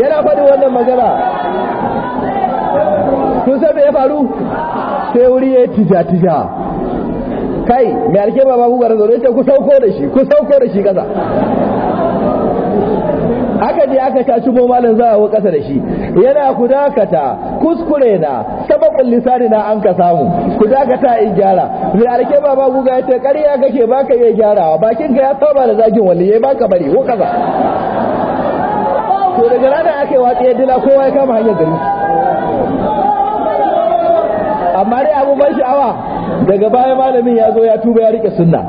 yana faɗin wannan magana Sun san me ya faru sai wuri ya tija tija kai mai alke ba babu gara zaune ce ku sauko da shi ku sauko da shi kasa aka je aka caci bo malam za a wa kasa da shi yana ku dakata kuskure na sababin lisani na an ka samu ku dakata in gyara mai alke ba babu gara ta ƙarya kake baka iya gyarawa wa? Bakinka ya saba da zagin yi baka bari ko kasa to daga ranar aka yi watsi ya dila kowa ya kama hanyar gari amma dai abu sha'awa daga baya malamin ya zo ya tuba ya rike sunna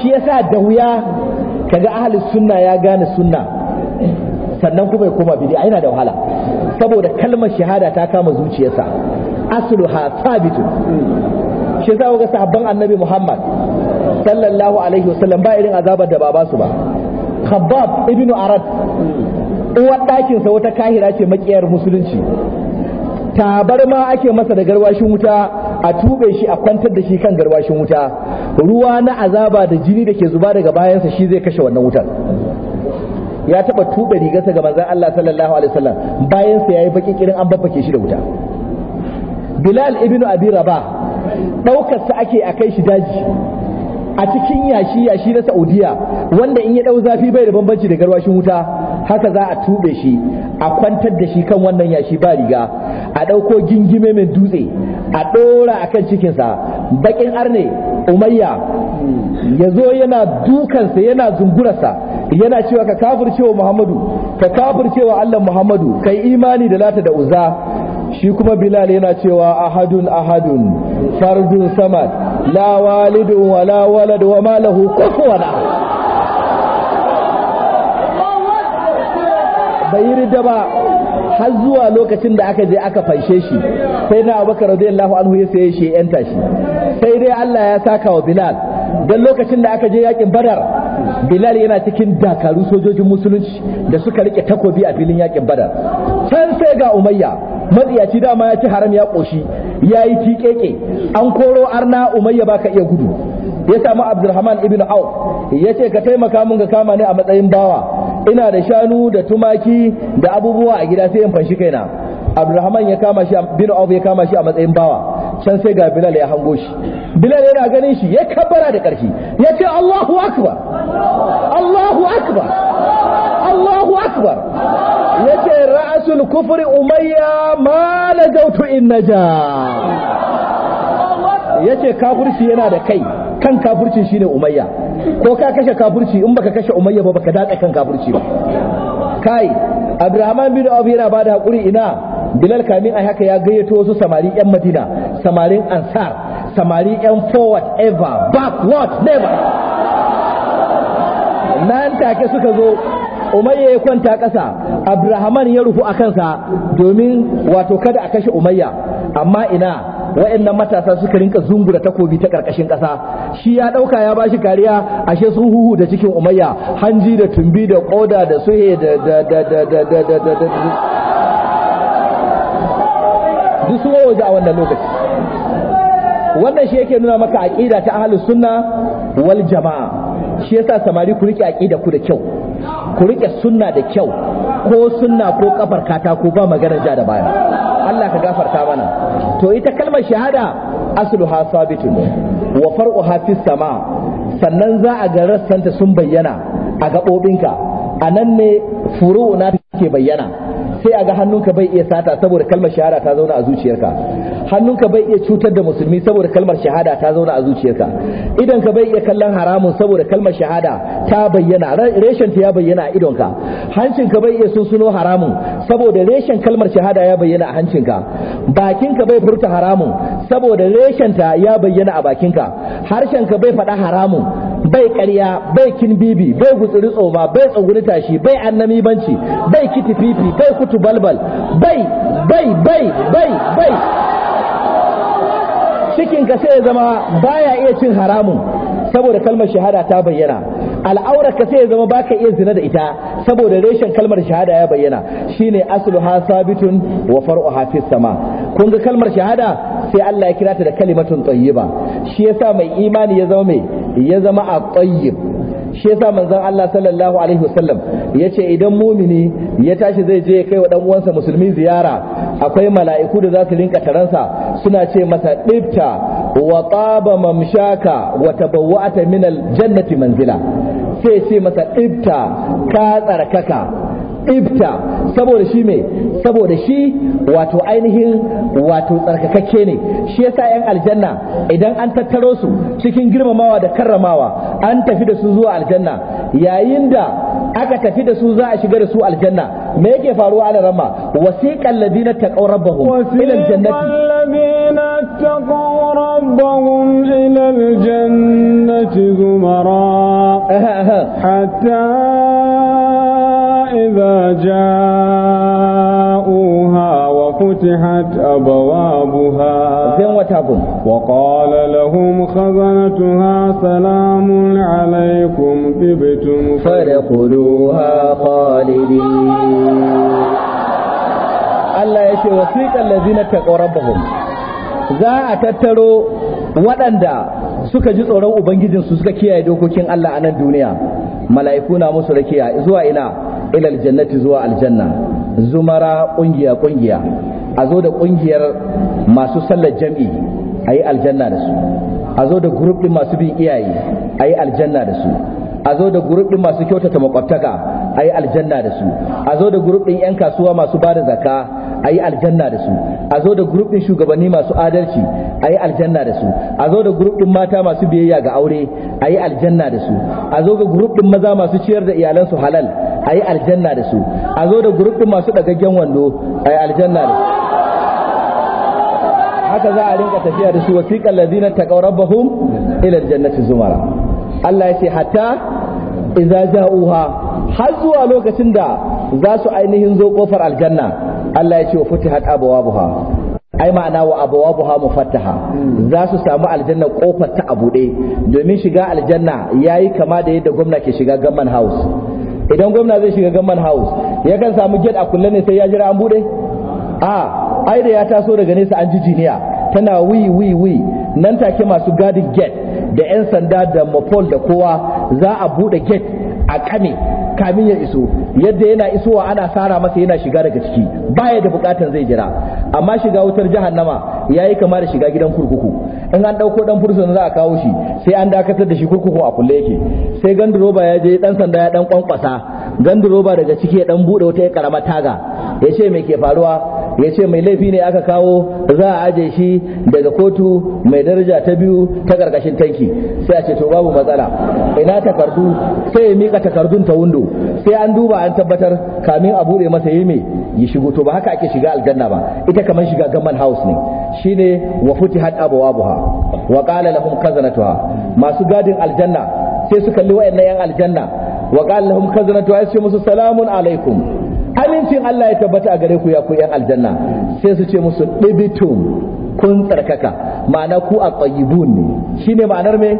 shi yasa da wuya kaga ahalin sunna ya gane sunna sannan kuma ya koma bid'a yana da wahala saboda kalmar shahada ta kama zuciyarsa ha sabitu shi yasa ga sahabban annabi Muhammad sallallahu alaihi wasallam ba irin azabar da ba ba su ba khabbab ibnu arad ɗakin sa wata kahira ce makiyar musulunci tabarma ake masa da garwashin wuta a tube shi a kwantar da shi kan garwashin wuta ruwa na azaba da jini da ke zuba daga bayansa shi zai kashe wannan wutar ya taba tube rigarsa ga manzon Allah sallallahu alaihi wasallam bayan sa yayi baki kirin an babbake shi da wuta Bilal ibn Abi Rabah daukar sa ake a kai shi daji a cikin yashi yashi na Saudiya wanda in ya dau zafi bai da bambanci da garwashin wuta haka za a tube shi a kwantar da shi kan wannan yashi ba riga a ɗauko gingime mai dutse a ɗora a kan cikinsa baƙin arne umayya ya zo yana dukansa yana zungurarsa yana cewa ka kafircewa muhammadu ka kafircewa allah muhammadu kai imani da lata da uza shi kuma bilal yana cewa ahadun ahadun fardun samad la walidun wala walad wa ma lahu kufuwan ahad bai yi rida ba har zuwa lokacin da aka je aka fanshe shi sai na abubakar radiyallahu anhu ya saye shi ya yanta shi sai dai Allah ya saka wa Bilal dan lokacin da aka je yakin Badar Bilal yana cikin dakaru sojojin musulunci da suka rike takobi a filin yakin Badar can sai ga Umayya matsiyaci dama ya ci haram ya koshi ya yi tiƙeƙe an koro arna Umayya baka iya gudu ya samu Abdulrahman ibn Auf ya ce ka taimaka mun ga kama ne a matsayin bawa ina da shanu da tumaki da abubuwa a gida sai in fanshi kaina abdulrahman ya kama shi bin auf ya kama shi a matsayin bawa can sai ga bilal ya hango shi bilal yana ganin shi ya kabbara da ƙarfi ya ce allahu akbar allahu akbar allahu akbar ya ce ra'asul kufri umayya ma la zautu in naja ya ce kafirci yana da kai kan shi shine umayya ko ka kashe kafurci in baka kashe umayya ba baka daɗa kan kafurci ba kai abdurrahman bin abu yana bada hakuri ina bilal kamin a haka ya gayyato wasu samari yan madina samarin ansar samari yan forward ever backward never nan take suka zo umayya ya kwanta ƙasa abdurrahman ya rufu a kansa domin wato kada a kashe umayya amma ina wa'annan matasa suka rinka zungura takobi ta karkashin ƙasa, shi ya ɗauka ya bashi kariya ashe su huhu da cikin umayya hanji da tumbi da koda da suhe da da da da da da da da da duk su waje a wannan lokaci wannan shi yake nuna maka aqida ta ahlus sunna wal jamaa shi yasa samari ku rike aqida ku da kyau ku rike sunna da kyau ko sunna ko kafar katako ba maganar ja da baya Allah ka gafarta mana to ita kalmar shahada Sabitu sabitun wa ha fi sama sannan za a ga rassanta sun bayyana a gaɓoɓinka a nan ne furu'una take bayyana sai a ga hannunka bai iya sata saboda kalmar shahada ta zauna a zuciyarka hannunka bai iya cutar da musulmi saboda kalmar shahada ta zauna a zuciyarka idan ka bai iya kallon haramun saboda kalmar shahada ta bayyana reshen ta ya bayyana a idonka hancinka bai iya sunsuno haramun saboda reshen kalmar shahada ya bayyana a hancinka bakinka bai furta haramun saboda reshen ta ya bayyana a bakinka harshenka bai faɗa haramun bai ƙarya bai kin bibi bai gutsiri tsoma bai tsanguni tashi bai annami banci bai kiti fifi bai kutu balbal bai bai bai bai bai cikin ka sai ya zama baya iya cin haramun saboda kalmar shahada ta bayyana al'aurar ka sai ya zama baka iya zina da ita saboda reshen kalmar shahada ya bayyana shine asluha sabitun wa far'uha fis sama kun ga kalmar shahada sai Allah ya kira ta da kalimatun tayyiba shi sa mai imani ya zama mai ya zama a tayyib shi yasa manzon Allah sallallahu alaihi wasallam ce idan mumini ya tashi zai je ya kai wa dan uwansa musulmi ziyara akwai mala'iku da za su rinka taransa suna ce masa dibta wa taba mamshaka wa tabawwa'ata min aljannati manzila sai ce masa dibta ka tsarkaka ibta saboda shi me saboda shi wato ainihin wato tsarkakakke ne shi yasa yan aljanna idan an tattaro su cikin girmamawa da karramawa an tafi da su zuwa aljanna yayin da aka tafi da su za a shiga da su aljanna me yake faruwa a rama wasiqal ladina taqaw rabbahum ila aljannati ladina taqaw rabbahum ila aljannati zumara hatta جاءوها وفتحت أبوابها وقال لهم خزنتها سلام عليكم طبتم فادخلوها خالدين Allah الله يشي وسيق الذين اتقوا ربهم za a tattaro waɗanda suka ji tsoron ubangijinsu suka kiyaye dokokin Allah a nan duniya mala'iku na musu rakiya zuwa ina ila aljannati zuwa aljanna zumara kungiya kungiya a zo da kungiyar masu sallar jam'i a yi aljanna da su a zo da grup din masu bin iyaye a yi aljanna da su a zo da grup din masu kyautata makwabtaka a aljanna da su a zo da grup din yan kasuwa masu ba da zakka a yi aljanna da su a zo da gurbin shugabanni masu adalci a yi aljanna da su a zo da gurbin mata masu biyayya ga aure a yi aljanna da su a zo ga gurbin maza masu ciyar da iyalansu halal a yi aljanna da su a zo da gurbin masu dagaggen wando a yi aljanna da su haka za a rinka tafiya da su wasiƙan lazina ta ƙaurabbahum ila jannati zumara Allah ya ce hatta idza ja'uha har zuwa lokacin da za su ainihin zo kofar aljanna Allah ya ce wa futihat abwabuha ai ma'ana wa abwabuha mufattaha za su samu aljanna kofar ta abude domin shiga aljanna yayi kama da yadda gwamna ke shiga gamman house idan gwamna zai shiga gamman house ya kan samu gate a kullun ne sai ya jira an bude a ai da ya taso daga nesa an ji jiniya tana wi wi wi nan take masu gadin gate da 'yan sanda da mafol da kowa za a bude gate a kame kamin ya iso yadda yana isowa ana sara masa yana shiga daga ciki baya da bukatan zai jira amma shiga wutar jahannama yayi kama da shiga gidan kurkuku in an dauko dan fursun za a kawo shi sai an dakatar da shi kurkuku a kulle yake sai ganduroba ya je dan sanda ya dan kwankwasa ganduroba daga ciki ya dan buɗe wata karamar taga ya ce me ke faruwa ya ce mai laifi ne aka kawo za a aje shi daga kotu mai daraja ta biyu ta karkashin tanki sai a ce to babu matsala ina takardu sai ya mika takardun ta wundo sai an duba an tabbatar kamin a bude masa yi mai ya shigo to ba haka ake shiga aljanna ba ita kamar shiga gamman house ne shine wa futihat abwabuha wa qala lahum khazanatuha masu gadin aljanna sai suka kalli wayannan yan aljanna wa qala lahum khazanatuha sai musu salamun alaikum amincin Allah ya tabbata a gare ku ya ku yan aljanna sai su ce musu dibitum kun tsarkaka ma'ana ku a tsayibun ne shine ma'anar me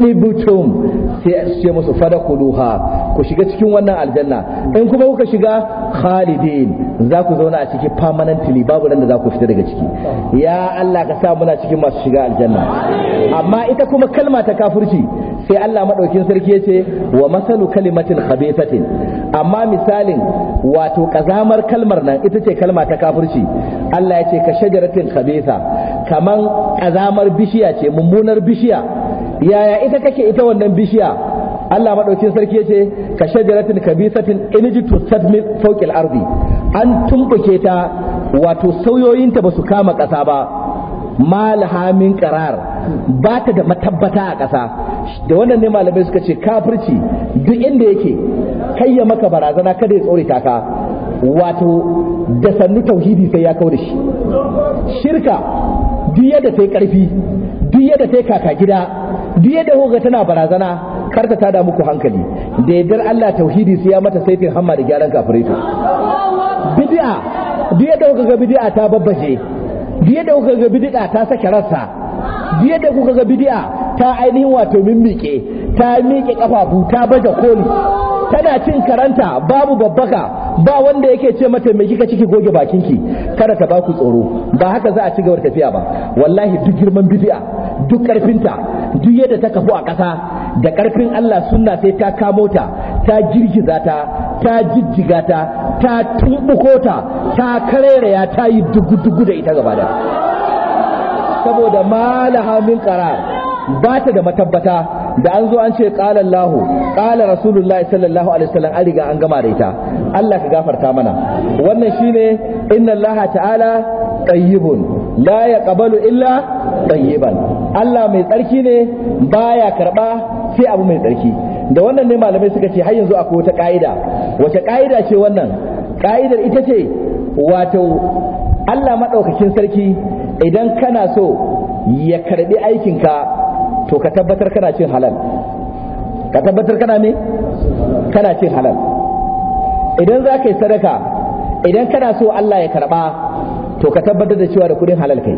dibitum sai su ce musu fadakuluha ku shiga cikin wannan aljanna in kuma kuka shiga khalidin za ku zauna a ciki permanently babu ran da za ku fita daga ciki ya Allah ka sa muna cikin masu shiga aljanna amma ita kuma kalma ta kafurci, sai Allah madaukin sarki yace wa masalu kalimatin khabithatin amma misalin wato kazamar kalmar nan ita ce kalma ta kafurci, Allah yace ka shajaratin khabitha kaman kazamar bishiya ce mummunar bishiya yaya ita kake ita wannan bishiya Allah maɗaukin sarki ce, ka shajaratin kabisatin to sadmi fokil arzi. an tumbuke ta wato sauyoyinta ba su kama ƙasa ba malhamin min qarar ba ta da matabbata a ƙasa da wannan ne malamai suka ce kafirci duk inda yake kai ya maka barazana kada ya tsore ka wato da sannu tauhidi sai ya kawo da shi shirka duk yadda ta yi ƙarfi duk yadda ta kaka gida duk yadda hoga tana barazana karta ta da muku hankali da yardar Allah tauhidi su ya mata saifin hamma da gyaran kafirai to bid'a biye da kuka ga bid'a ta babbaje biye da kuka ga bid'a ta sake rassa biye da kuka ga bid'a ta ainihin wato mimmike ta mike kafafu ta baje koli tana cin karanta babu babbaka ba wanda yake ce mata mai kika ciki goge bakin ki kada ta baku tsoro ba haka za a ci gaba da tafiya ba wallahi duk girman bid'a duk karfinta duk yadda ta kafu a ƙasa da ƙarfin Allah sunna sai ta kamo ta ta girgiza ta ta jijjiga ta ta tumbuko ta ta karairaya ta yi dugu-dugu da ita gaba da saboda malaha min qarar ba ta da matabbata da an zo an ce qala Allah qala Rasulullahi sallallahu alaihi wasallam an riga an gama da ita Allah ka gafarta mana wannan shine inna Allah ta'ala tayyibun la ya ƙabalu illa tayyiban Allah mai tsarki ne baya karɓa sai abu mai tsarki da wannan ne malamai suka ce har yanzu akwai wata ka'ida wace ka'ida ce wannan ka'idar ita ce wato Allah maɗaukakin sarki idan kana so ya karɓi aikinka to ka tabbatar kana cin halal ka tabbatar kana ne kana cin halal idan za ka yi sadaka idan kana so Allah ya karɓa to ka tabbatar da cewa da kuɗin halal kai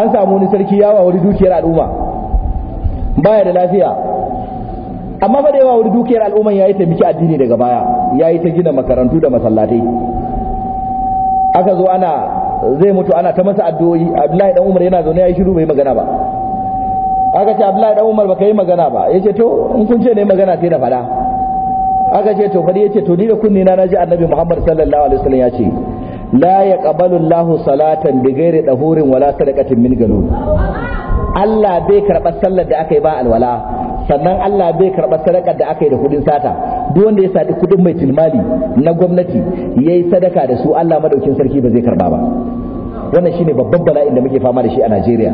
an samu wani sarki yawa wani dukiyar al'umma baya da lafiya amma ba da yawa wani dukiyar al'umman yayi taimaki addini daga baya yayi ta gina makarantu da masallatai aka zo ana zai mutu ana ta masa addu'o'i Abdullahi dan Umar yana zaune yayi shiru bai magana ba aka ce Abdullahi dan Umar baka yi magana ba yace to in kun ce ne magana sai da fada aka ce to ya yace to ni da kunni na naji Annabi Muhammad sallallahu alaihi wasallam ya ce la yaqbalu Allahu salatan bighairi dahurin wala sadaqatin min galul Allah bai karɓar sallar da aka yi ba alwala sannan Allah bai karɓar sadakar da aka yi da kudin sata duk wanda ya sadi kudin mai tilmali na gwamnati yayi sadaka da su Allah madaukin sarki ba zai karba ba wannan shine babban bala'in da muke fama da shi a Najeriya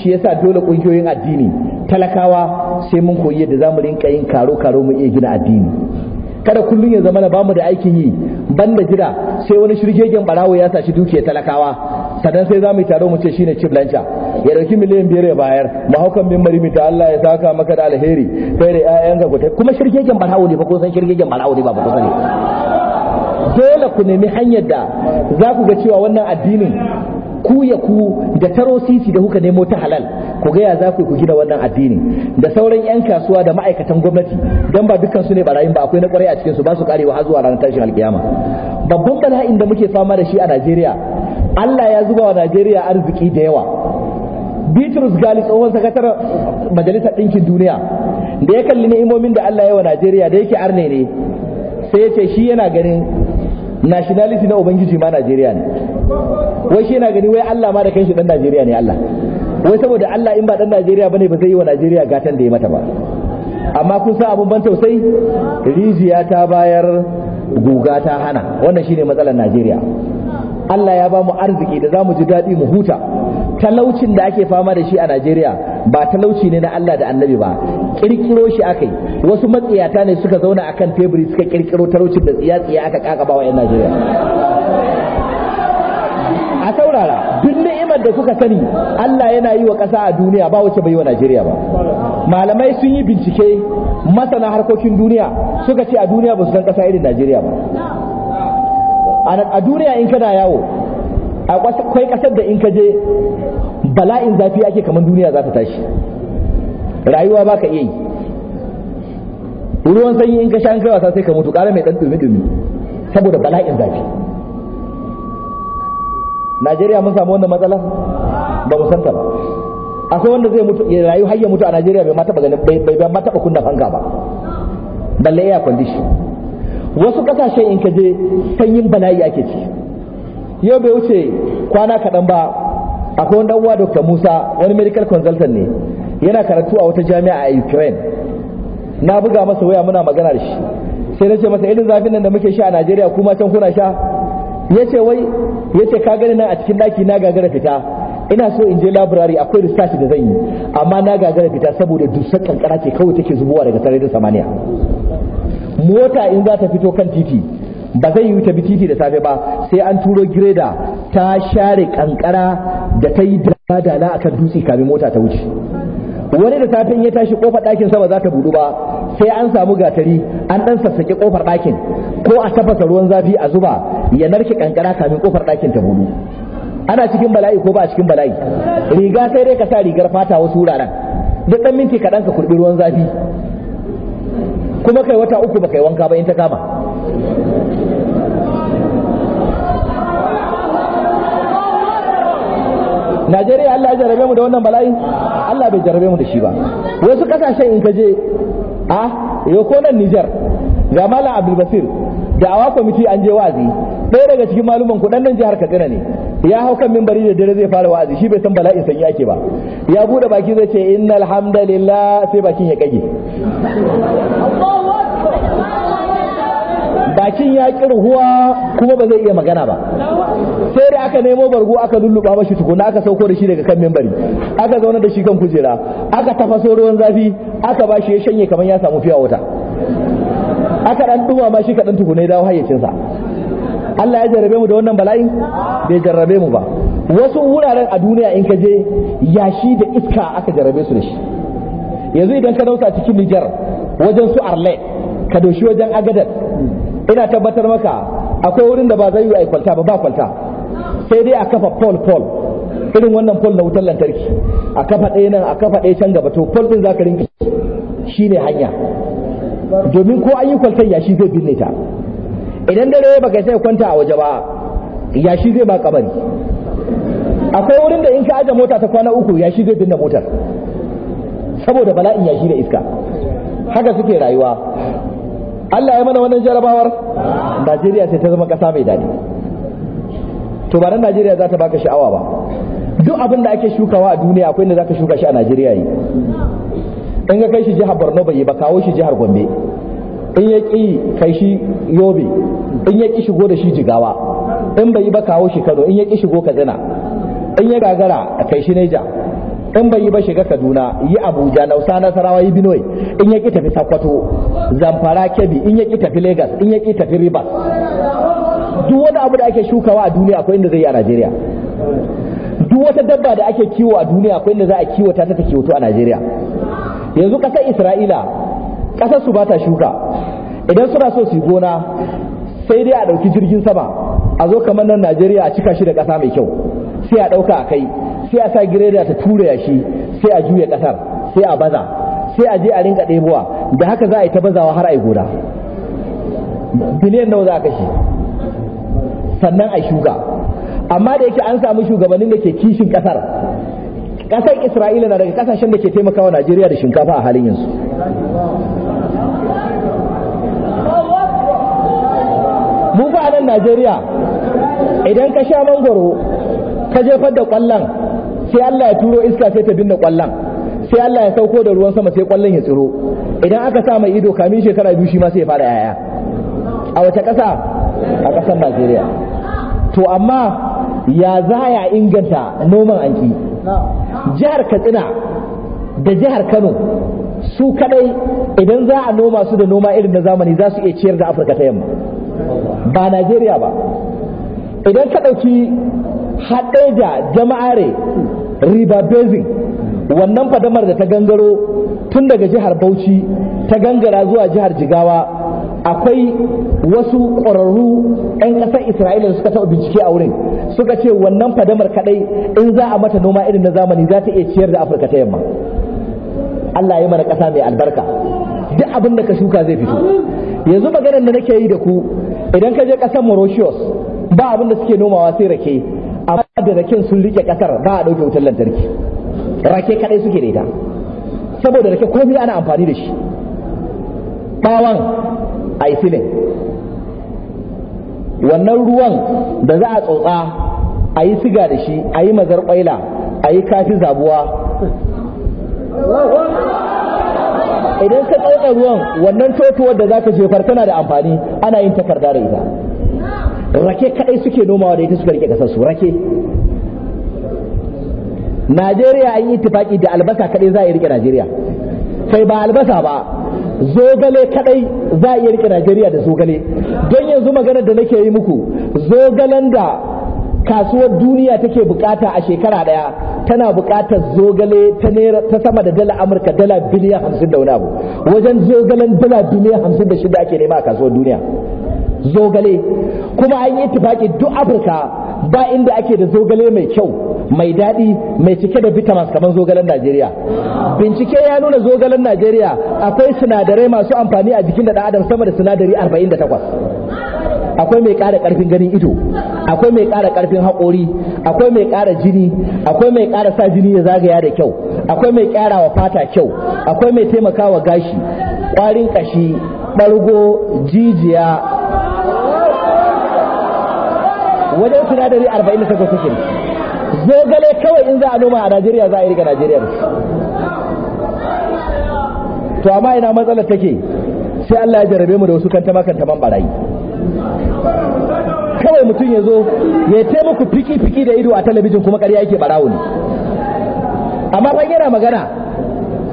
shi yasa dole kungiyoyin addini talakawa sai mun koyi yadda zamu rinka yin karo karo mu iya gina addini kada kullum ya zama na bamu da aikin yi banda jira sai wani shirgegen barawo ya shi dukiyar talakawa sadan sai za mu taro mu ce shine chief lancha ya dauki miliyan biyar ya bayar mahaukan bin mari mita Allah ya saka maka da alheri kai da ƴaƴanka ku ta kuma shirkegen barawo ne ba ko san shirkegen barawo ne ba ba ku sani dole ku nemi hanyar da za ku ga cewa wannan addinin ku ya ku da taro sisi da kuka nemo ta halal ku gaya za ku gina wannan addini da sauran 'yan kasuwa da ma'aikatan gwamnati don ba dukkan su ne barayin ba akwai na kwarai a cikin su ba su karewa har zuwa ranar tashin alkiyama babban bala'in da muke fama da shi a Najeriya Allah ya zuba wa Najeriya arziki da yawa Bitrus Gali tsohon sakataren majalisar Dinkin duniya da ya kalli ni'imomin da Allah ya wa Najeriya da yake arne ne sai ya ce shi yana ganin nationality na ubangiji ma Najeriya ne wai shi yana gani wai Allah ma da kanshi dan Najeriya ne Allah wai saboda Allah in ba dan Najeriya bane ba zai yi wa Najeriya gatan da ya mata ba amma kun sa abun ban tausayi rijiya ta bayar guga ta hana wannan shine matsalar Najeriya Allah ya ba mu arziki da za mu ji daɗi mu huta talaucin da ake fama da shi a Najeriya ba talauci ne na Allah da annabi ba kirkiro shi akai. wasu matsiyata ne suka zauna akan teburi suka kirkiro talaucin da tsiya-tsiya aka kakaba wa 'yan Najeriya a saurara duk ni'imar da kuka sani Allah yana yi wa ƙasa a duniya ba wacce bai wa Najeriya ba malamai sun yi bincike masana harkokin duniya suka ce a duniya ba su san ƙasa irin Najeriya ba a duniya in kana yawo akwai ƙasar da in ka je bala'in zafi ake kamar duniya za ta tashi rayuwa ba ka iya yi ruwan sanyi in ka sha an kai wasa sai ka mutu ƙara mai ɗan ɗumi-ɗumi saboda bala'in zafi Najeriya mun samu wannan matsala ba mu santa ba akwai wanda zai mutu ya rayu har ya mutu a Najeriya bai ma taba bai ma taba kunna fanka ba balle air condition wasu kasashe in ka je sanyin bala'i ake ci yau bai wuce kwana kaɗan ba akwai wani uwa Dr. Musa wani medical consultant ne yana karatu a wata jami'a a Ukraine na buga masa waya muna magana da shi sai na ce masa irin zafin nan da muke sha a Najeriya kuma can kuna sha yace wai yace ka gani na a cikin daki na gagara fita ina so in je library akwai research da zan yi amma na gagara fita saboda dusar kankara ce kawai take zubowa daga sararin samaniya mota in za ta fito kan titi ba zai yi ta bi titi da safe ba sai an turo gireda ta share kankara da ta yi dala akan dutse kafin mota ta wuce wani da safin ya tashi kofar ɗakin sa ba za ta budu ba sai an samu gatari an dan sassaƙe kofar ɗakin ko a tafasa ruwan zafi a zuba ya narke kankara kamin kofar ɗakin ta bulu ana cikin bala'i ko ba a cikin bala'i riga sai dai ka sa rigar fata wasu wuraren duk ɗan minti kaɗan ka kurɓi ruwan zafi kuma kai wata uku ba kai wanka ba in ta kama Najeriya Allah ya jarabe mu da wannan bala'i Allah bai jarabe mu da shi ba wasu kasashen in ka je a yau ko nan Niger ga Malam Abdul Basir da awa kwamiti an je wazi ɗaya daga cikin maluman kuɗan nan jihar Katsina ne ya hau kan mimbari da dare zai fara wa'azi shi bai san bala'in san yake ba ya bude baki zai ce innal hamdalillah sai bakin ya kage bakin ya huwa kuma ba zai iya magana ba sai da aka nemo bargo aka lulluba mashi tukuna aka sauko da shi daga kan membari aka zauna da shi kan kujera aka tafaso ruwan zafi aka ba shi ya shanye kamar ya samu fiya wuta aka dan ma shi kaɗan tukuna ya dawo hayyacinsa Allah ya jarrabe mu da wannan bala'in bai jarrabe mu ba wasu wuraren a duniya in ka je yashi da iska aka jarrabe su da shi yanzu idan ka dauka cikin Nijar wajen su Arle ka doshi wajen Agadar ina tabbatar maka akwai wurin da ba zai yi a kwalta ba ba kwalta sai dai a kafa pol pol irin wannan pol na wutar lantarki a kafa ɗaya nan a kafa ɗaya can gaba to pol din zaka rinki ne hanya domin ko an yi kwaltar yashi zai binne ta idan dare ba baka sai kwanta a waje ba yashi zai ba kabari akwai wurin da in ka aje mota ta kwana uku yashi zai binne motar saboda bala'in yashi da iska haka suke rayuwa Allah ya mana wannan jarabawar Najeriya sai ta zama ƙasa mai daɗi to ba nan Najeriya za ta baka sha'awa ba duk abin da ake shukawa a duniya akwai inda zaka shuka shi a Najeriya yi in ka kai shi jihar Borno bai ba kawo shi jihar Gombe in ya ƙi kai shi Yobe in ya ƙi shigo da shi Jigawa in bai ba kawo shi Kano in ya ki shigo Katsina in ya gagara a kai shi Niger in bai yi ba shiga kaduna yi abuja nausa sarawa yi binoy in yaki tafi sakwato zamfara kebbi in yaki tafi lagos in yaki tafi rivers duk wani abu da ake shukawa a duniya akwai inda zai yi a najeriya duk wata dabba da ake kiwo a duniya akwai inda za a kiwata ta ta kiwoto a najeriya yanzu kasar isra'ila kasar su ba ta shuka idan suna so su gona sai dai a ɗauki jirgin sama a zo kamar nan najeriya a cika shi da kasa mai kyau sai a ɗauka a kai sai a sa gireda ta tura shi sai a juya kasar sai a baza sai a je a rinka ɗebuwa da haka za a yi ta bazawa har a yi gora biliyan nawa za a kashe sannan a shuka amma da yake an samu shugabannin da ke kishin ƙasar ƙasar isra'ila na daga ƙasashen da ke taimakawa najeriya da shinkafa a halin yanzu mu fa nan najeriya idan ka sha mangoro ka jefar da kwallon sai Allah ya turo iska sai ta binne kwallon sai Allah ya sauko da ruwan sama sai kwallon ya tsiro idan aka sa mai ido kamin shekara biyu shi ma sai ya fara yaya a wace ƙasa a ƙasar Najeriya to amma ya za inganta noman anki jihar Katsina da jihar Kano su kadai idan za a noma su da noma irin na zamani za su iya ciyar da Afirka ta yamma ba Najeriya ba idan ka ɗauki haɗe da jama'are riba basin wannan fadamar da ta gangaro tun daga jihar bauchi ta gangara zuwa jihar jigawa akwai wasu ƙwararru 'yan ƙasar isra'ila suka taɓa bincike a wurin suka ce wannan fadamar kaɗai in za a mata noma irin na zamani za ta iya ciyar da afirka ta yamma allah ya mana ƙasa mai albarka duk abin da ka shuka zai fito yanzu maganar da nake yi da ku idan ka je ƙasar mauritius ba abin da suke nomawa sai rake da raken sun rike kasar ba a dauke wutar lantarki rake kadai suke da ita saboda rake komai ana amfani da shi bawan a wannan ruwan da za a tsotsa a yi siga da shi a yi mazar kwaila a yi kafi zabuwa idan ka tsotsa ruwan wannan totuwar da za ka jefar tana da amfani ana yin takarda da ita rake kadai suke nomawa da ita suka rike kasar su rake Najeriya an yi tufaki da albasa kadai za a yi rike Najeriya sai ba albasa ba zogale kadai za a iya rike Najeriya da zogale don yanzu maganar da nake yi muku zogalen da kasuwar duniya take bukata a shekara daya tana buƙatar zogale ta naira ta sama da dala amurka dala biliyan hamsin da wani abu wajen zogalen dala biliyan hamsin da shida ake nema a kasuwar duniya zogale kuma an yi tufaƙi duk afirka ba inda ake da zogale mai kyau mai daɗi mai cike da vitamins kamar zogalen najeriya bincike ya nuna zogalen najeriya akwai sinadarai masu amfani a jikin da ɗan adam sama da sinadari 48 akwai mai ƙara ƙarfin ganin ido akwai mai ƙara ƙarfin haƙori akwai mai ƙara jini akwai mai ƙara sa jini ya zagaya da kyau akwai mai ƙara wa fata kyau akwai mai taimakawa gashi ƙwarin ƙashi ɓargo jijiya wajen sinadari arba'in da takwas suke zogale kawai in za a noma a najeriya za a yi riga najeriya to amma ina matsalar take sai Allah ya jarabe mu da wasu kanta makanta man barayi kawai mutum ya zo ya taimaka fiki fiki da ido a talabijin kuma ƙarya yake barawo ne amma ban yana magana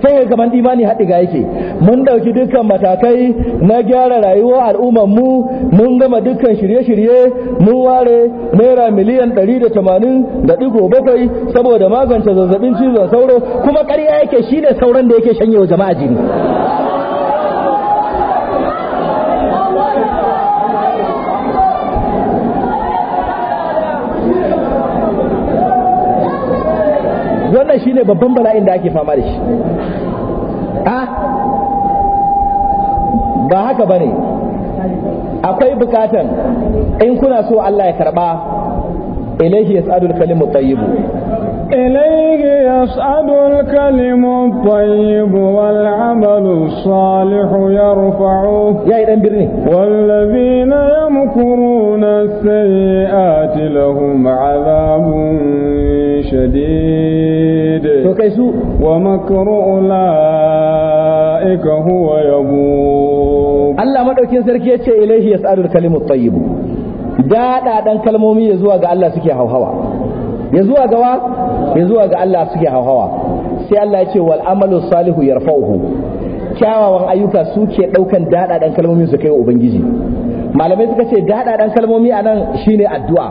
sai ya gaban imani haɗiga yake mun ɗauki dukkan matakai na gyara rayuwar al'ummar mu mun gama dukkan shirye-shirye mun ware naira miliyan ɗari da tamanin da ɗigo bakwai saboda magance zazzabin cizon sauro kuma ƙarya yake shine sauran da yake shanye wa jama'a jini shine babban bala'in da ake fama da shi ah, ba haka bane akwai bukatan in kuna so Allah ya karɓa. ilaihi yas'adul kalimut tayyibu ilaihi yas'adul kalimut tayyibu wal amalu salih yarfa'u ya idan birni wal ladina yamkuruna sayiati lahum 'adabun shadid mai su wa makaru ula'ika huwa yabu Allah madaukin sarki yace ilaihi yas'alul kalimut tayyib dada dan kalmomi ya zuwa ga Allah suke hauhawa ya zuwa ga wa ya zuwa ga Allah suke hauhawa sai Allah ya ce wal amalu salihu yarfa'uhu kyawawan ayyuka suke ɗaukan dada dan kalmomi su kai wa ubangiji malamai suka ce daɗa ɗan kalmomi anan shine addu'a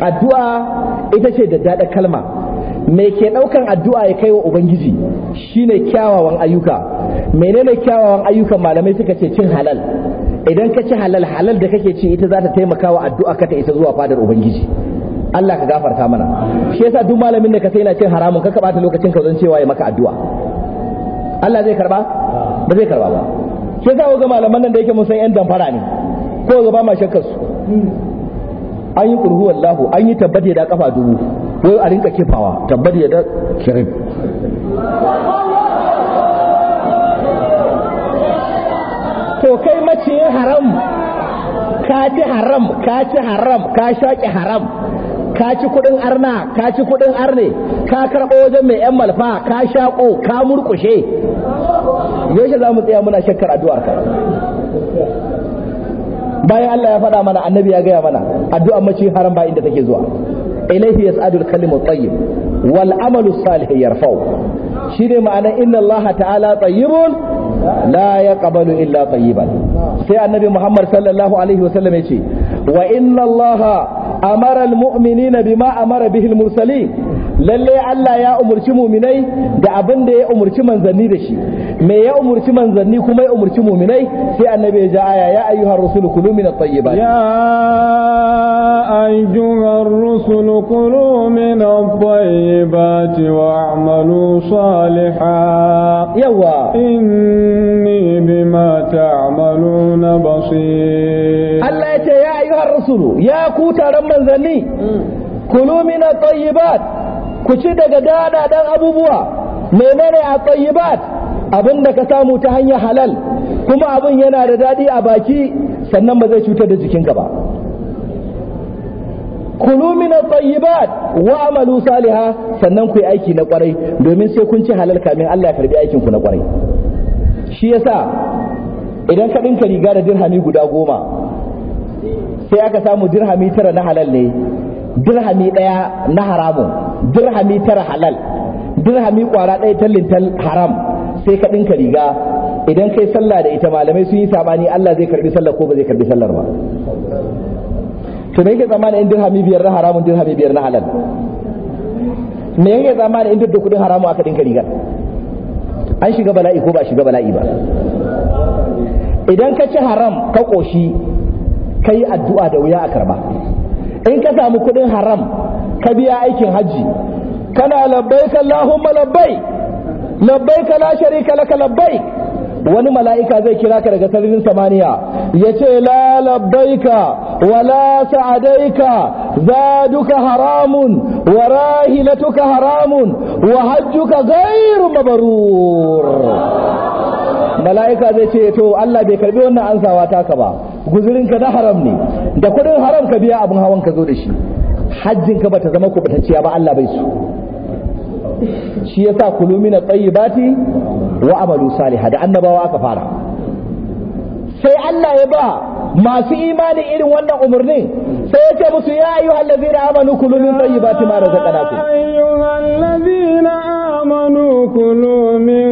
addu'a ita ce da daɗa kalma Mai ke daukan addu'a ya kai wa ubangiji shine kyawawan ayyuka menene kyawawan ayyuka malamai suka ce cin halal idan ka ci halal halal da kake ci ita za ta taimaka wa addu'a ka ta isa zuwa fadar ubangiji Allah ka gafarta mana shi yasa duk malamin da ka sai yana cin haramun ka ta lokacin ka zan cewa ya maka addu'a Allah zai karba ba zai karba ba shi yasa ga malaman nan da yake mun san yan damfara ne ko ga ba ma shakkar su an yi kurhu wallahu an yi tabbata da kafa dubu ko a rinka kifawa tabbat da kirib to kai mace haram ka ci haram ka ci haram ka shaki haram ka ci kudin arna ka ci kudin arne ka karɓo wajen mai yan malfa ka shaƙo ka murƙushe yaushe za mu tsaya muna shakkar addu'ar ka bayan Allah ya faɗa mana annabi ya gaya mana addu'ar mace haram ba inda take zuwa إليه يسعد الكلم الطيب والعمل الصالح يرفعه ne ma'anar inna Allah ta'ala tayyibun la yaqbalu illa tayyiban sai annabi Muhammad sallallahu alaihi wasallam yace wa inna Allah amara almu'minina bima amara bihi mursali lalle Allah ya umurci muminai da abin da ya umurci manzanni da shi me ya umurci manzanni kuma ya umurci muminai sai annabi ya ja aya ya ayyuhar rusulu kulu min at ya ayyuhar rusulu kulu min at-tayyibati wa'malu salih صالحا يوا إني بما تعملون بصير الله يا أيها الرسول يا كوتا رمى زني كلوا من الطيبات كشد قدانا دان أبو بوا منين الطيبات abin da ka samu ta hanyar halal kuma abin yana da daɗi a baki sannan ba zai cutar da jikinka ba kulu min at-tayyibat wa amalu saliha sannan ku yi aiki na kwarai domin sai kun ci halal kamin Allah ya karbi aikin ku na kwarai shi yasa idan ka dinka riga da dirhami guda goma sai aka samu dirhami tara na halal ne dirhami daya na haramun dirhami tara halal dirhami kwara daya tallintal haram sai ka dinka riga idan kai sallah da ita malamai sun yi sabani Allah zai karbi sallar ko ba zai karbi sallar ba to me yake zamanin in dirhami biyar na haramun dirhami biyar na halal me yake zamanin in da kudin haramu aka dinka rigar an shiga bala'i ko ba shiga bala'i ba idan ka ci haram ka koshi ka yi addu'a da wuya a karba in ka samu kudin haram ka biya aikin hajji kana labbaik allahumma labbai, labbai la sharika laka labbaik wani mala'ika zai kira ka daga sararin samaniya ya ce la wa la za zaduka haramun wa rahilatuka haramun wa hajjuka gairu mabarur mala'ika zai ce to Allah bai karbi wannan ansawa taka ba guzurinka na haram ne da kudin haram ka biya abin hawan ka zo da shi hajjinka bata zama kubatacciya ba Allah bai su shi yasa kulu min at-tayyibati wa amalu salihah da annabawa aka fara sai Allah ya ba masu imani irin wannan umarni sai ya ce musu ya ayyuha allazina amanu kulu min tayyibati ma razaqnakum ya ayyuha allazina amanu kulu min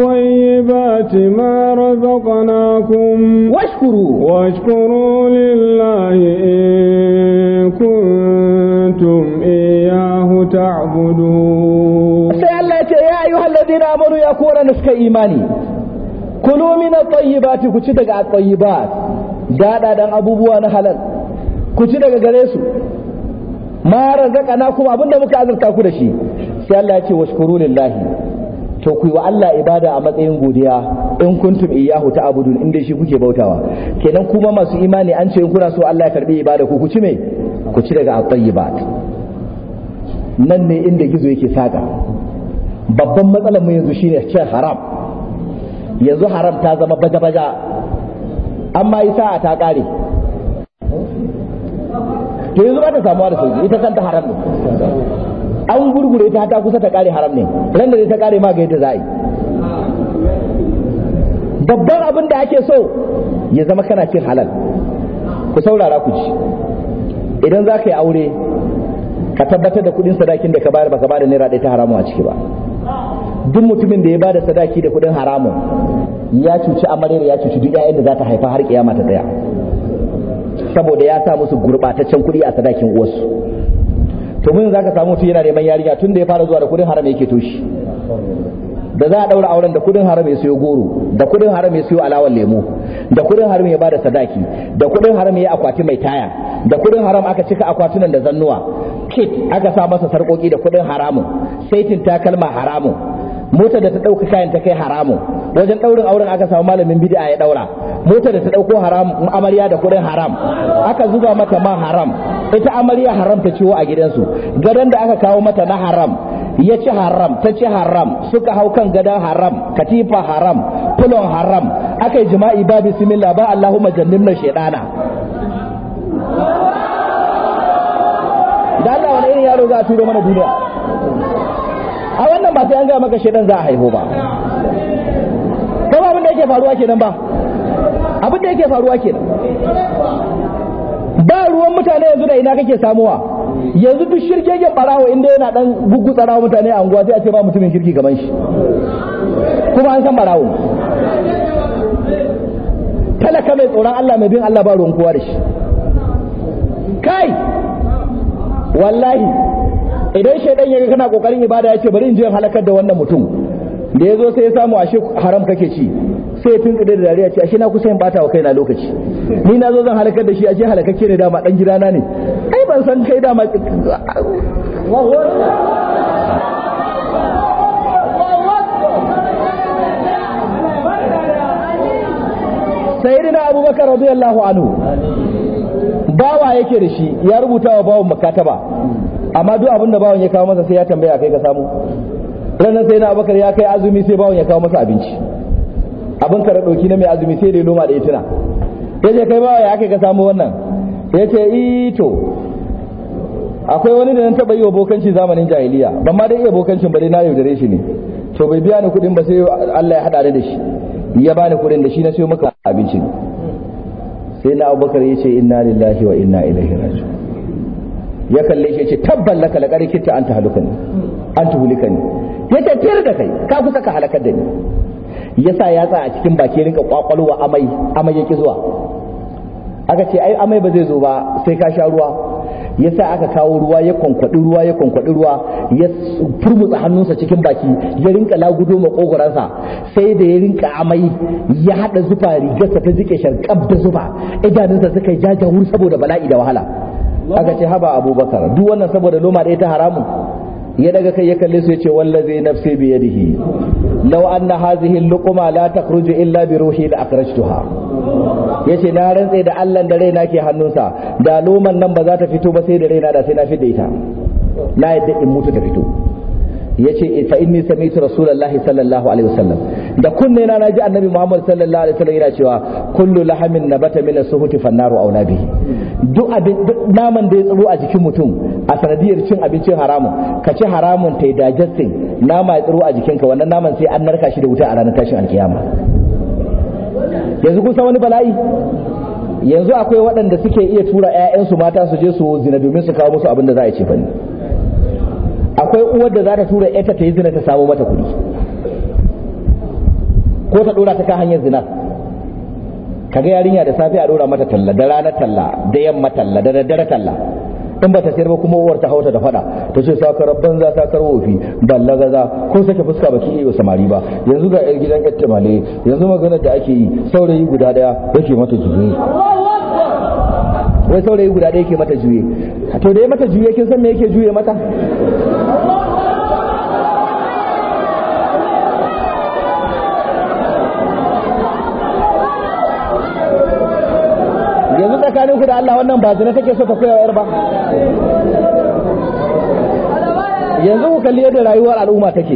tayyibati ma razaqnakum washkuru washkuru lillahi sai Allah ya ayyuha alladhina ya kora na suka imani kulu min tsayi tayyibati ku ci daga tsayi ba dada dan abubuwa na halal ku ci daga gare su ma na kuma abinda muka azurta ku da shi sai Allah ya ce washkuru lillahi to ku yi wa Allah ibada a matsayin godiya in kuntum iyyahu ta'budun inda shi kuke bautawa kenan kuma masu imani an ce in kuna so Allah ya karbi ibada ku ku ci me ku ci daga at-tayyibat nan ne inda gizo yake saka babban matsalar mu yanzu shine cin haram yanzu haram ta zama baja-baja amma yi sa'a ta kare to yanzu ba ta samuwa da sauki ita kanta haram ne an gurgure ta ta kusa ta kare haram ne ran da ta kare ma ga yadda za yi babban abin da ake so ya zama kana cin halal ku saurara ku ji idan za ka yi aure ka tabbatar da kuɗin sadakin da ka bayar baka bada naira ɗaya ta haramun a ciki ba duk mutumin da ya bada sadaki da kuɗin haramun ya cuci amarya ya cuci duk ƴaƴan da za ta haifa har kiyama ta tsaya saboda ya sa musu gurbataccen kuɗi a sadakin uwarsu to mun zaka samu mutum yana neman yarinya tun da ya fara zuwa da kudin haram yake toshi da za a daura auren da kuɗin haram ya sayo goro da kudin haram ya sayo alawan lemo da kuɗin haram ya bada sadaki da kuɗin haram ya yi akwati mai taya da kuɗin haram aka cika akwatunan da zannuwa kit aka sa masa sarƙoƙi da kuɗin haramun saitin takalma haramun mota da ta ɗauka kayan ta kai haramun wajen ɗaurin auren aka samu malamin bid'a ya ɗaura motar da ta ɗauko haram amarya da kuɗin haram aka zuba mata ma haram ita amarya haram ta ciwo a gidansu gadon da aka kawo mata na haram ya ci haram ta ci haram suka hau kan gadon haram katifa haram pulon haram aka yi jima'i ba bismillah ba allahumma jannibna shaitana za a turo mana duniya a wannan ba sai an gaya maka shaidan za a haihu ba kawo abin da yake faruwa kenan ba abin da yake faruwa kenan ba ruwan mutane yanzu da ina kake samuwa yanzu duk shirke ke barawa inda yana dan gugu tsarawa mutane a unguwa sai a ce ba mutumin shirki kamar shi kuma an san barawo talaka mai tsoron Allah mai bin Allah ba ruwan kowa da shi kai wallahi idan shaidan ya kana kokarin ibada ya ce bari in je halakar da wannan mutum da ya zo sai ya samu ashe haram kake ci sai ya tunkuɗe da dariya ce ashe na kusa yin bata wa kaina lokaci ni na zo zan halakar da shi ashe halakakke ne dama dan gidana ne ai ban san kai dama sayyidina abubakar radiyallahu anhu bawa yake da shi ya rubuta wa bawan makataba amma duk abin da bawan ya kawo masa sai ya tambaya kai ka samu ranar sai na abakar ya kai azumi sai bawan ya kawo masa abinci abin ka ɗauki na mai azumi sai dai noma da ya tuna ya ce kai bawa ya kai ka samu wannan ya ce ito e, akwai wani da nan taɓa yi wa bokanci zamanin jahiliya ban ma dai iya bokancin ba dai na yaudare shi ne to bai biya ni kuɗin ba sai Allah ya haɗa da shi ya bani kuɗin da shi na sai maka abincin, sai na abubakar ya ce inna lillahi wa inna ilaihi raji'un ya kalle shi ce tabban laka laqad kitta anta halukani anta ya yace tir da kai ka kusa ka halakar da ni yasa yatsa a cikin baki rinka kwakwalwa amai amai yake zuwa aka ce ai amai ba zai zo ba sai ka sha ruwa yasa aka kawo ruwa ya kwankwadi ruwa ya kwankwadi ruwa ya furmutsa hannunsa cikin baki ya rinka lagudo makogoransa sai da ya rinka amai ya hada zufa rigarsa ta jike sharkab da zufa idanunsa suka jajawur saboda bala'i da wahala aka ce haba abubakar duk wannan saboda loma da ta haramun ya daga kai ya kalli su ya ce wallazi nafsi bi yadihi law anna hadhihi luquma la takhruju illa bi ruhi la akhrajtuha yace na rantse da Allah da raina ke hannunsa da loman nan ba za ta fito ba sai da raina da sai na da ita na yadda in mutu ta fito yace fa inni sami'tu rasulullahi sallallahu alaihi wasallam da kunne na naji annabi Muhammad sallallahu alaihi wasallam yana cewa kullu lahamin nabata min as-suhuti fannaru aw nabi duk abin naman da ya tsiro a jikin mutum a sanadiyar cin abincin haramun ka ci haramun tai digesting nama ya tsiro a jikinka wannan naman sai an narka shi da wuta a ranar tashin alkiyama yanzu kun san wani bala'i yanzu akwai waɗanda suke iya tura 'ya'yansu mata su je su zina domin su kawo musu abin da za a ce bane akwai uwar da za ta tura ita ta yi zina ta samu mata kuɗi ko ta ɗora ta kan hanyar zina kaga yarinya da safe a ɗora mata talla da ranar talla da yamma talla da daddare talla in ba ta sayar ba kuma uwar ta hauta da fada ta ce za banza sakar wofi balla gaza ko sake fuska ba ki iya samari ba yanzu ga yar gidan yar yanzu magana da ake yi saurayi guda daya yake mata jini wai saurayi guda ɗaya ke mata juye to da ya mata juye kin san me yake juye mata yanzu tsakanin ku da Allah wannan ba zina take so ka koya wa ba yanzu ku kalli yadda rayuwar al'umma take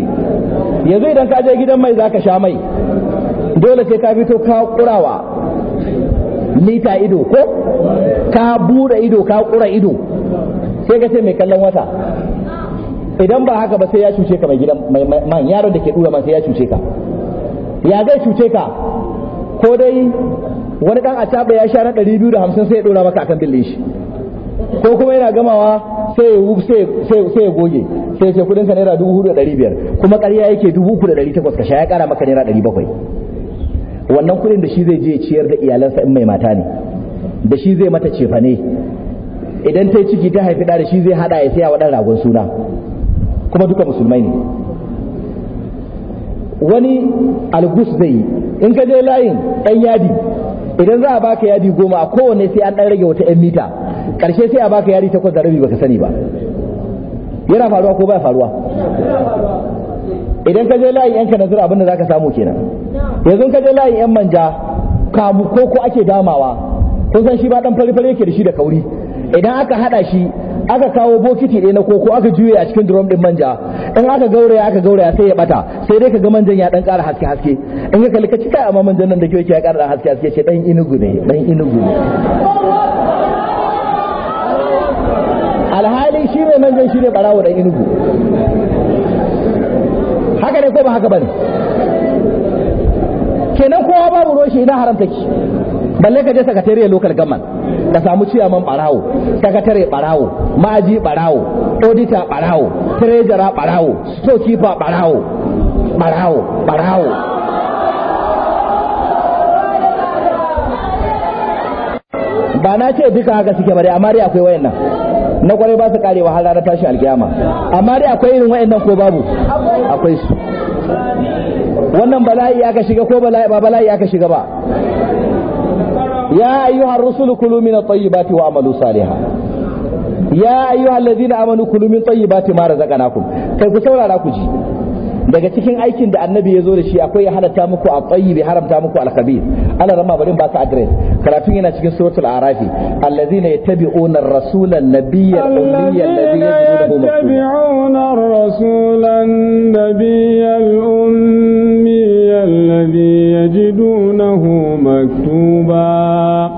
yanzu idan ka je gidan mai zaka sha mai dole sai ka fito ka kurawa mita ido ko ka bura ido ka kura ido sai ka ce mai kallon wata idan ba haka ba sai ya cuce ka mai gidan mai man yaron da ke dura ma sai ya cuce ka ya zai cuce ka ko dai wani dan acaba ya sha na 250 sai ya dora maka akan billin shi ko kuma yana gamawa sai ya sai ya goge sai ya ce kudin ka naira 4500 kuma ƙarya yake 3800 ka sha ya kara maka naira 700 wannan kudin da shi zai je ciyar da iyalansa in mai mata ne da shi zai mata cefane idan ta yi ciki ta haifi da shi zai hada ya saya wa ɗan ragon suna kuma duka musulmai ne wani algus zai yi in ka je layin ɗan yadi idan za a baka yadi goma a kowane sai an ɗan rage wata 'yan mita ƙarshe sai a baka yadi takwas da rabi baka sani ba yana faruwa ko baya faruwa idan ka je layin yanka zura abin za ka samu kenan yanzu ka je layin yan manja kamu ko ko ake damawa ko zan shi ba dan fari-fari yake da shi da kauri idan aka hada shi aka kawo bokiti ɗaya na koko aka juye a cikin drum din manja in aka gauraya aka gauraya sai ya bata sai dai ka ga manjan ya dan ƙara haske haske in ka kalli ka ci kai amma manjan nan da kyau ya ƙara haske haske ce dan inugu ne dan inugu ne alhali shi ne manjan shi ne barawo dan inugu haka ne ko ba haka bane kenan kowa babu roshi ina haramta ki balle ka je sakatare local government ka samu ciyaman barawo sakatare barawo ma'aji barawo auditor barawo treasurer barawo storekeeper barawo barawo barawo ba na ce duka haka suke bare amma dai akwai wayannan na kwarai ba su karewa har ranar tashi alkiyama amma dai akwai irin nan ko babu akwai su wannan bala'i aka shiga ko bala'i ba bala'i aka shiga ba يا أيها الرسل كلوا من الطيبات وعملوا صالحا يا أيها الذين آمنوا كلوا من طيبات ما رزقناكم كيف تسولى ji. daga cikin aikin da annabi ya zo da shi akwai ya halatta muku a tsayi bai haramta muku alkhabir ana rama barin ba ka adres ترافقنا في سورة الأعراف الذين يتبعون الرسول النبي الأمي الذي يتبعون الرسول النبي الأمي الذي يجدونه مكتوبا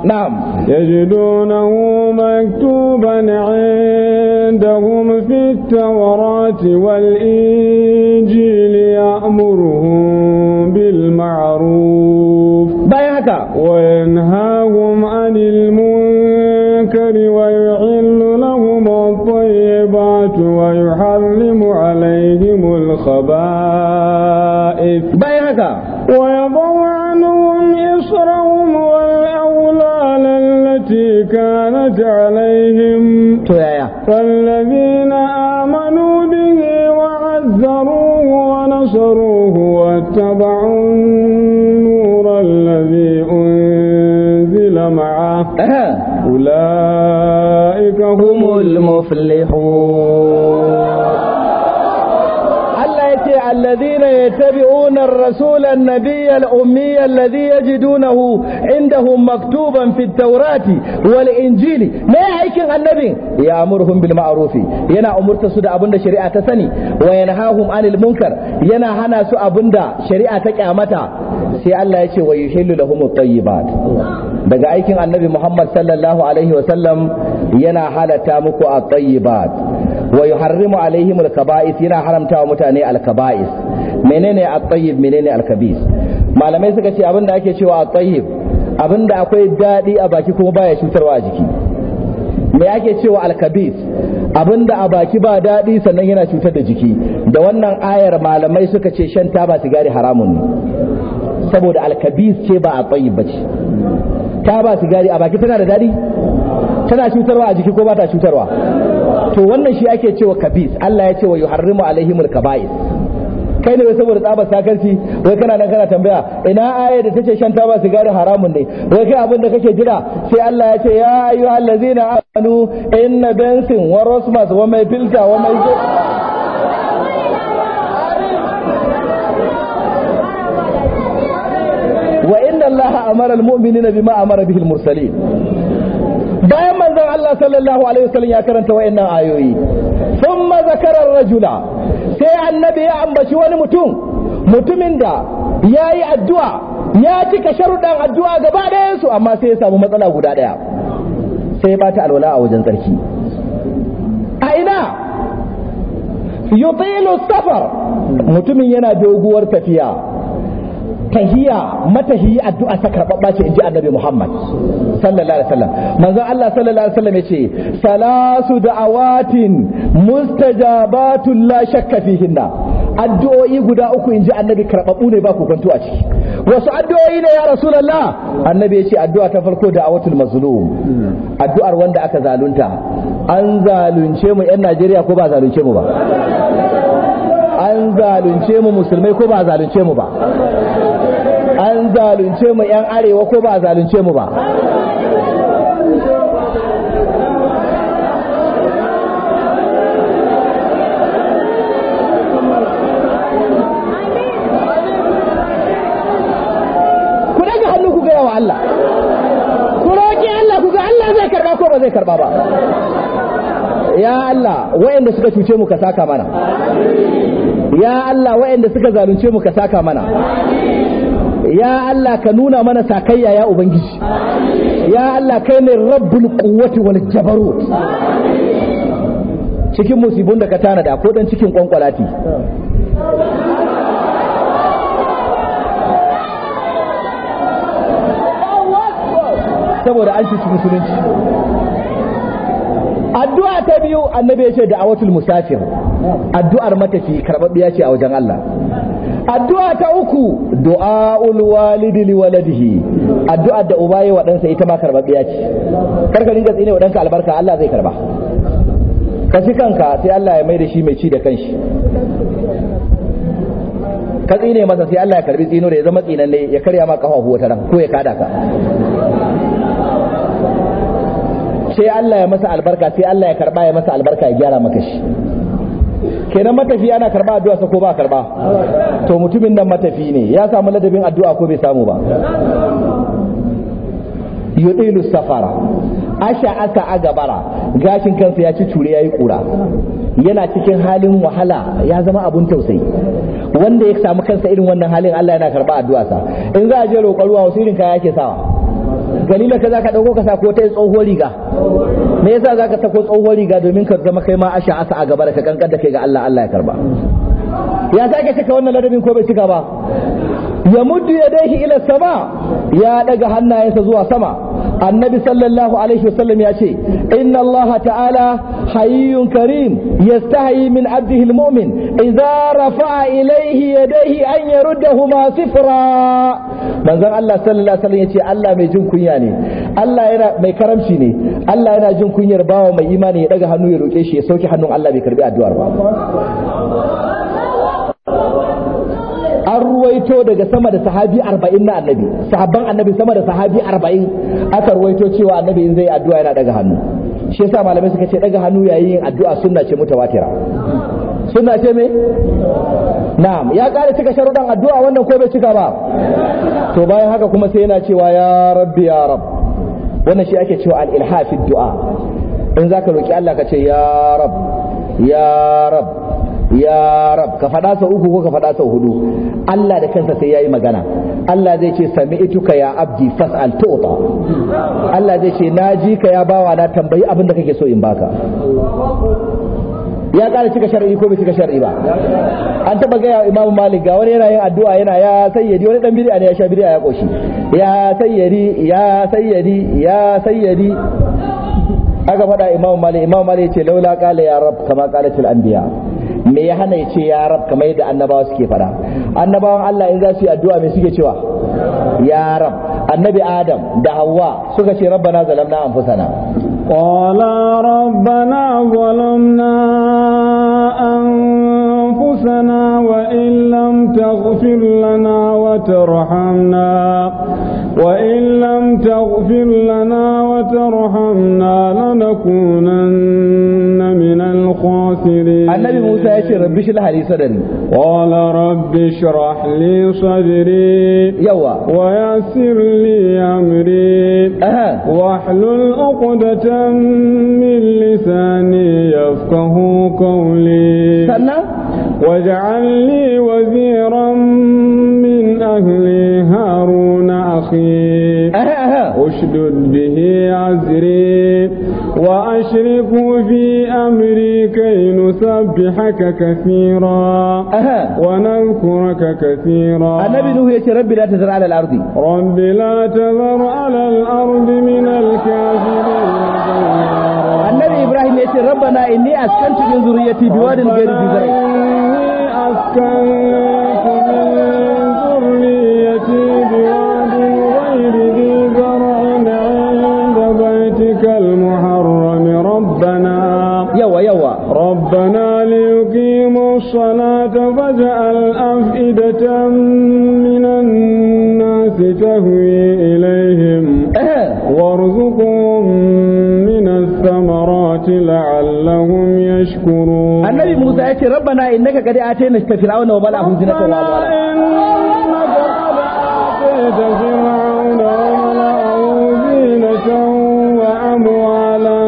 نعم يجدونه مكتوبا عندهم في التوراة والإنجيل يأمرهم بالمعروف هكا وينهاهم عن المنكر ويحل لهم الطيبات ويحرم عليهم الخبائث بيهكا ويضع عنهم إصرهم والأولال التي كانت عليهم فالذين آمنوا به وعذروه ونصروه واتبعوه أولئك هم المفلحون الذين يتبعون الرسول النبي الأمي الذي يجدونه عندهم مكتوبا في التوراة والإنجيل ما يعيكن النبي يأمرهم بالمعروف ينا أمرت سودة أبند شريعة سني وينهاهم عن المنكر ينا هنا سو أبند شريعة كامتا sai Allah ya ce wa yuhillu lahum at-tayyibat daga aikin annabi Muhammad sallallahu alaihi wa sallam yana halata muku at-tayyibat wa yuharrimu alaihim al-kaba'is yana haramta wa mutane al-kaba'is menene at-tayyib menene al-kabis malamai suka ce abinda ake cewa at-tayyib abinda akwai dadi a baki kuma baya cutarwa a jiki me ake cewa al-kabis abinda a baki ba daɗi sannan yana cutar da jiki da wannan ayar malamai suka ce shan taba sigari haramun ne saboda alkabis ce ba a tsayi ba ce taba sigari a baki tana da daɗi tana cutarwa a jiki ko ba ta cutarwa to wannan shi ake cewa kabis Allah ya ce wa yuharrimu alaihimul kaba'is kai ne wai saboda tsaba sakarci wai kana nan kana tambaya ina aya da tace shan taba sigari haramun ne wai kai abin da kake jira sai Allah ya ce ya ayyuhal ladzina amanu inna bensin wa rosmas wa mai filta wa mai wa inna Allah amara al na bima amara bihi al manzon Allah sallallahu alaihi wasallam ya karanta wayannan ayoyi thumma zakara rajula sai annabi ya ambaci wani mutum mutumin da yayi addu'a ya cika sharuɗan addu'a gaba ɗayan su amma sai ya samu matsala guda ɗaya sai ya bata alwala a wajen tsarki a ina yutilu safar mutumin yana doguwar tafiya tahiya matahiyi addu'a ta karɓaɓɓa ce inji annabi Muhammad sallallahu alaihi wasallam manzo Allah sallallahu alaihi wasallam yace salasu da'awatin mustajabatun la shakka fihinna addu'o'i guda uku inji annabi karɓaɓɓu ne ba ku kwanto a ciki wasu addu'o'i ne ya rasulullah annabi yace addu'a ta farko da'awatul mazlum addu'ar wanda aka zalunta an zalunce mu yan Najeriya ko ba zalunce mu ba an zalunce mu musulmai ko ba zalunce mu ba an zalunce mu 'yan arewa ko ba a zalunce mu ba ku daga hannu ku gaya wa Allah ku roƙi Allah ku ga Allah zai karɓa ko ba zai karɓa ba ya Allah waɗanda suka cuce mu ka saka mana ya Allah waɗanda suka zalunce mu ka saka mana ya Allah ka nuna mana sakayya ya ubangiji ya Allah kai ne rabbul quwwati wal jabaru cikin musibin da ka tanada ko dan cikin kwankwalati saboda an shi musulunci addu'a ta biyu annabi ya ce da awatul musafir addu'ar matafi karɓaɓɓiya ce a wajen Allah addu'a ta uku du'aul walidi li waladihi addu'a da uba yayi wa ita ma biya ce karka dinga tsine wa ɗanka albarka Allah zai karba ka ci kanka sai Allah ya mai da shi mai ci da kanshi ka tsine masa sai Allah ya karbi tsino da ya zama ne ya karya ma kafa ta ran ko ya kada ka sai Allah ya masa albarka sai Allah ya karba ya masa albarka ya gyara maka shi kenan matafi ana karba addu'a sa ko ba karba to mutumin nan matafi ne ya samu ladabin addu'a ko bai samu ba yudilu safara asha aka agabara gashin kansa ya ci cure yayi kura yana cikin halin wahala ya zama abun tausayi wanda ya samu kansa irin wannan halin Allah yana karba addu'a sa in za a je roƙon ruwa wasu irin kaya yake sawa galila ka zaka ɗauko ka sa ko ta yi tsohuwar riga me yasa zaka sako tsohuwar riga domin ka zama kai ma asha asa a gaba da ka kankan da kai ga Allah Allah ya karba ya sake cika wannan ladabin ko bai cika ba ya muddu daihi ila sama ya daga hannayensa zuwa sama annabi sallallahu alaihi wasallam ya ce inna allaha ta'ala hayyun karim yastahi min abdihi almu'min idza rafa'a ilayhi yadayhi an yaruddahuma sifra manzon Allah sallallahu alaihi wasallam yace Allah mai jin kunya ne Allah yana mai karamci ne Allah yana jin kunyar bawa mai imani ya daga hannu ya roke shi ya sauke hannun Allah bai karbi addu'ar ba an ruwaito daga sama da sahabi arba'in na annabi sahabban annabi sama da sahabi arba'in aka ruwaito cewa annabi in zai addu'a yana daga hannu shi yasa malamai suka ce daga hannu yayin yin addu'a sunna ce mutawatira sunna ce me na'am ya kare cika sharuɗan addu'a wannan ko bai cika ba to bayan haka kuma sai yana cewa ya rabbi ya rab wannan shi ake cewa al-ilha fi du'a in zaka roki Allah ka ce ya rab ya rab ya rab ka faɗa sau uku ko ka faɗa sau hudu Allah da kansa sai yayi magana Allah zai ce ka ya abdi fas'al tu'ta Allah zai ce naji ka ya bawa na tambayi abin da kake so in baka ya ƙara cika shar'i ko bai cika shar'i ba an taba gaya imamu malik ga wani yana yin addu'a yana ya sayyadi wani dan bid'a ne ya sha bid'a ya koshi ya sayyadi ya sayyadi ya sayyadi aka faɗa imamu malik imamu malik ya ce laula qala ya rab kama qalatil anbiya me ya hana ya ce ya rab kamar yadda annabawa suke fara annabawan Allah in za su yi addu'a me suke cewa ya rab annabi adam da hawa suka ce rabbana zalamna anfusana qala rabbana zalamna أنفسنا وإن لم تغفر wa وترحمنا وإن لم تغفر لنا وترحمنا لنكونن من الخاسرين annabi Musa ya ce rabbi shirah li sadri qala rabbi shrah li sadri yawa wa yassir li amri wahlul 'uqdatan min lisani yafqahu qawli sannan waj'al li waziran min ahli harun akhi ushdud bihi azri وأشركوا في أمري كي نسبحك كثيرا ونذكرك كثيرا النبي نوح يقول رب لا تذر على الأرض رب لا تذر على الأرض من الكافرين النبي إبراهيم يقول ربنا إني أسكنت من ذريتي بواد غير ذي زرع أسكنت الصلاة فجعل أفئدة من الناس تهوي إليهم وارزقهم من الثمرات لعلهم يشكرون النبي موسى يقول ربنا إنك قد آتينا فرعون وملأهم الله وعلى إنك قد آتيت فرعون وملأه زينة وأموالا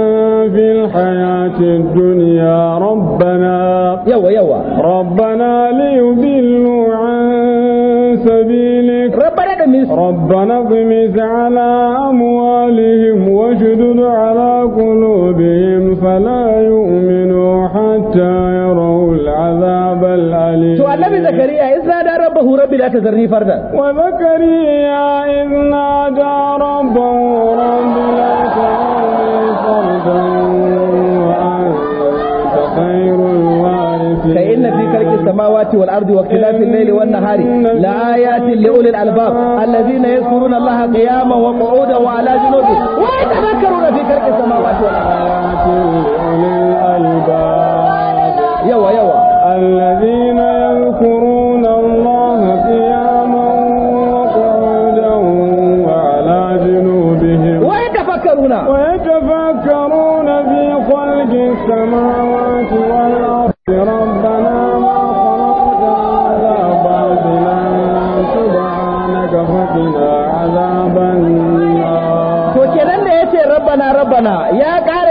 في الحياة الدنيا يوا يوا ربنا ليضلوا عن سبيلك ربنا اضمس ربنا ضمس على أموالهم واشدد على قلوبهم فلا يؤمنوا حتى يروا العذاب الأليم سؤال النبي زكريا إذ نادى ربه ربي لا تذرني فردا وزكريا إذ نادى ربه ربي لا السماوات والأرض واختلاف الليل والنهار لآيات لأولي الألباب الذين يذكرون الله قياما وقعودا وعلى جنوده ويتذكرون في خلق السماوات والأرض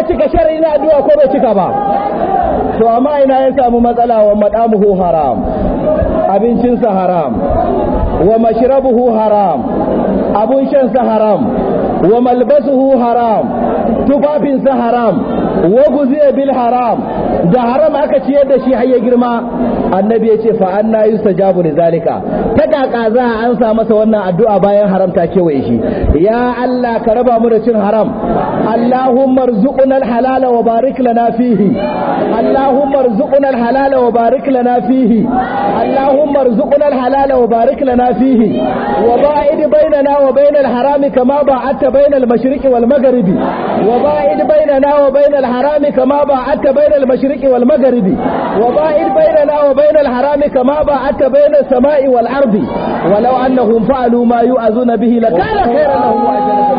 cika shari'i na addu'a ko bai cika ba to amma ina ya samu matsala wa madamuhu haram abincinsa haram wa mashrabuhu haram abun shansa haram wa malbasuhu haram tufafinsa haram wa guziya bil haram da haram aka ciyar da shi har ya girma annabi ya ce fa anna yustajabu li zalika ta kaka za a ansa masa wannan addu'a bayan haramta kewaye shi ya Allah ka raba mu da cin haram Allahumma arzuqna al-halal wa barik lana fihi Allahumma arzuqna al-halal wa barik lana fihi Allahumma arzuqna al-halal wa barik lana fihi wa ba'id bainana wa bain al kama ba'adta bain al wal maghribi وباعد بيننا وبين الحرام كما باعدت بين المشرق والمغرب وباعد بيننا وبين الحرام كما باعدت بين السماء والأرض ولو أنهم فعلوا ما يؤذون به لكان خيرا لهم وأجل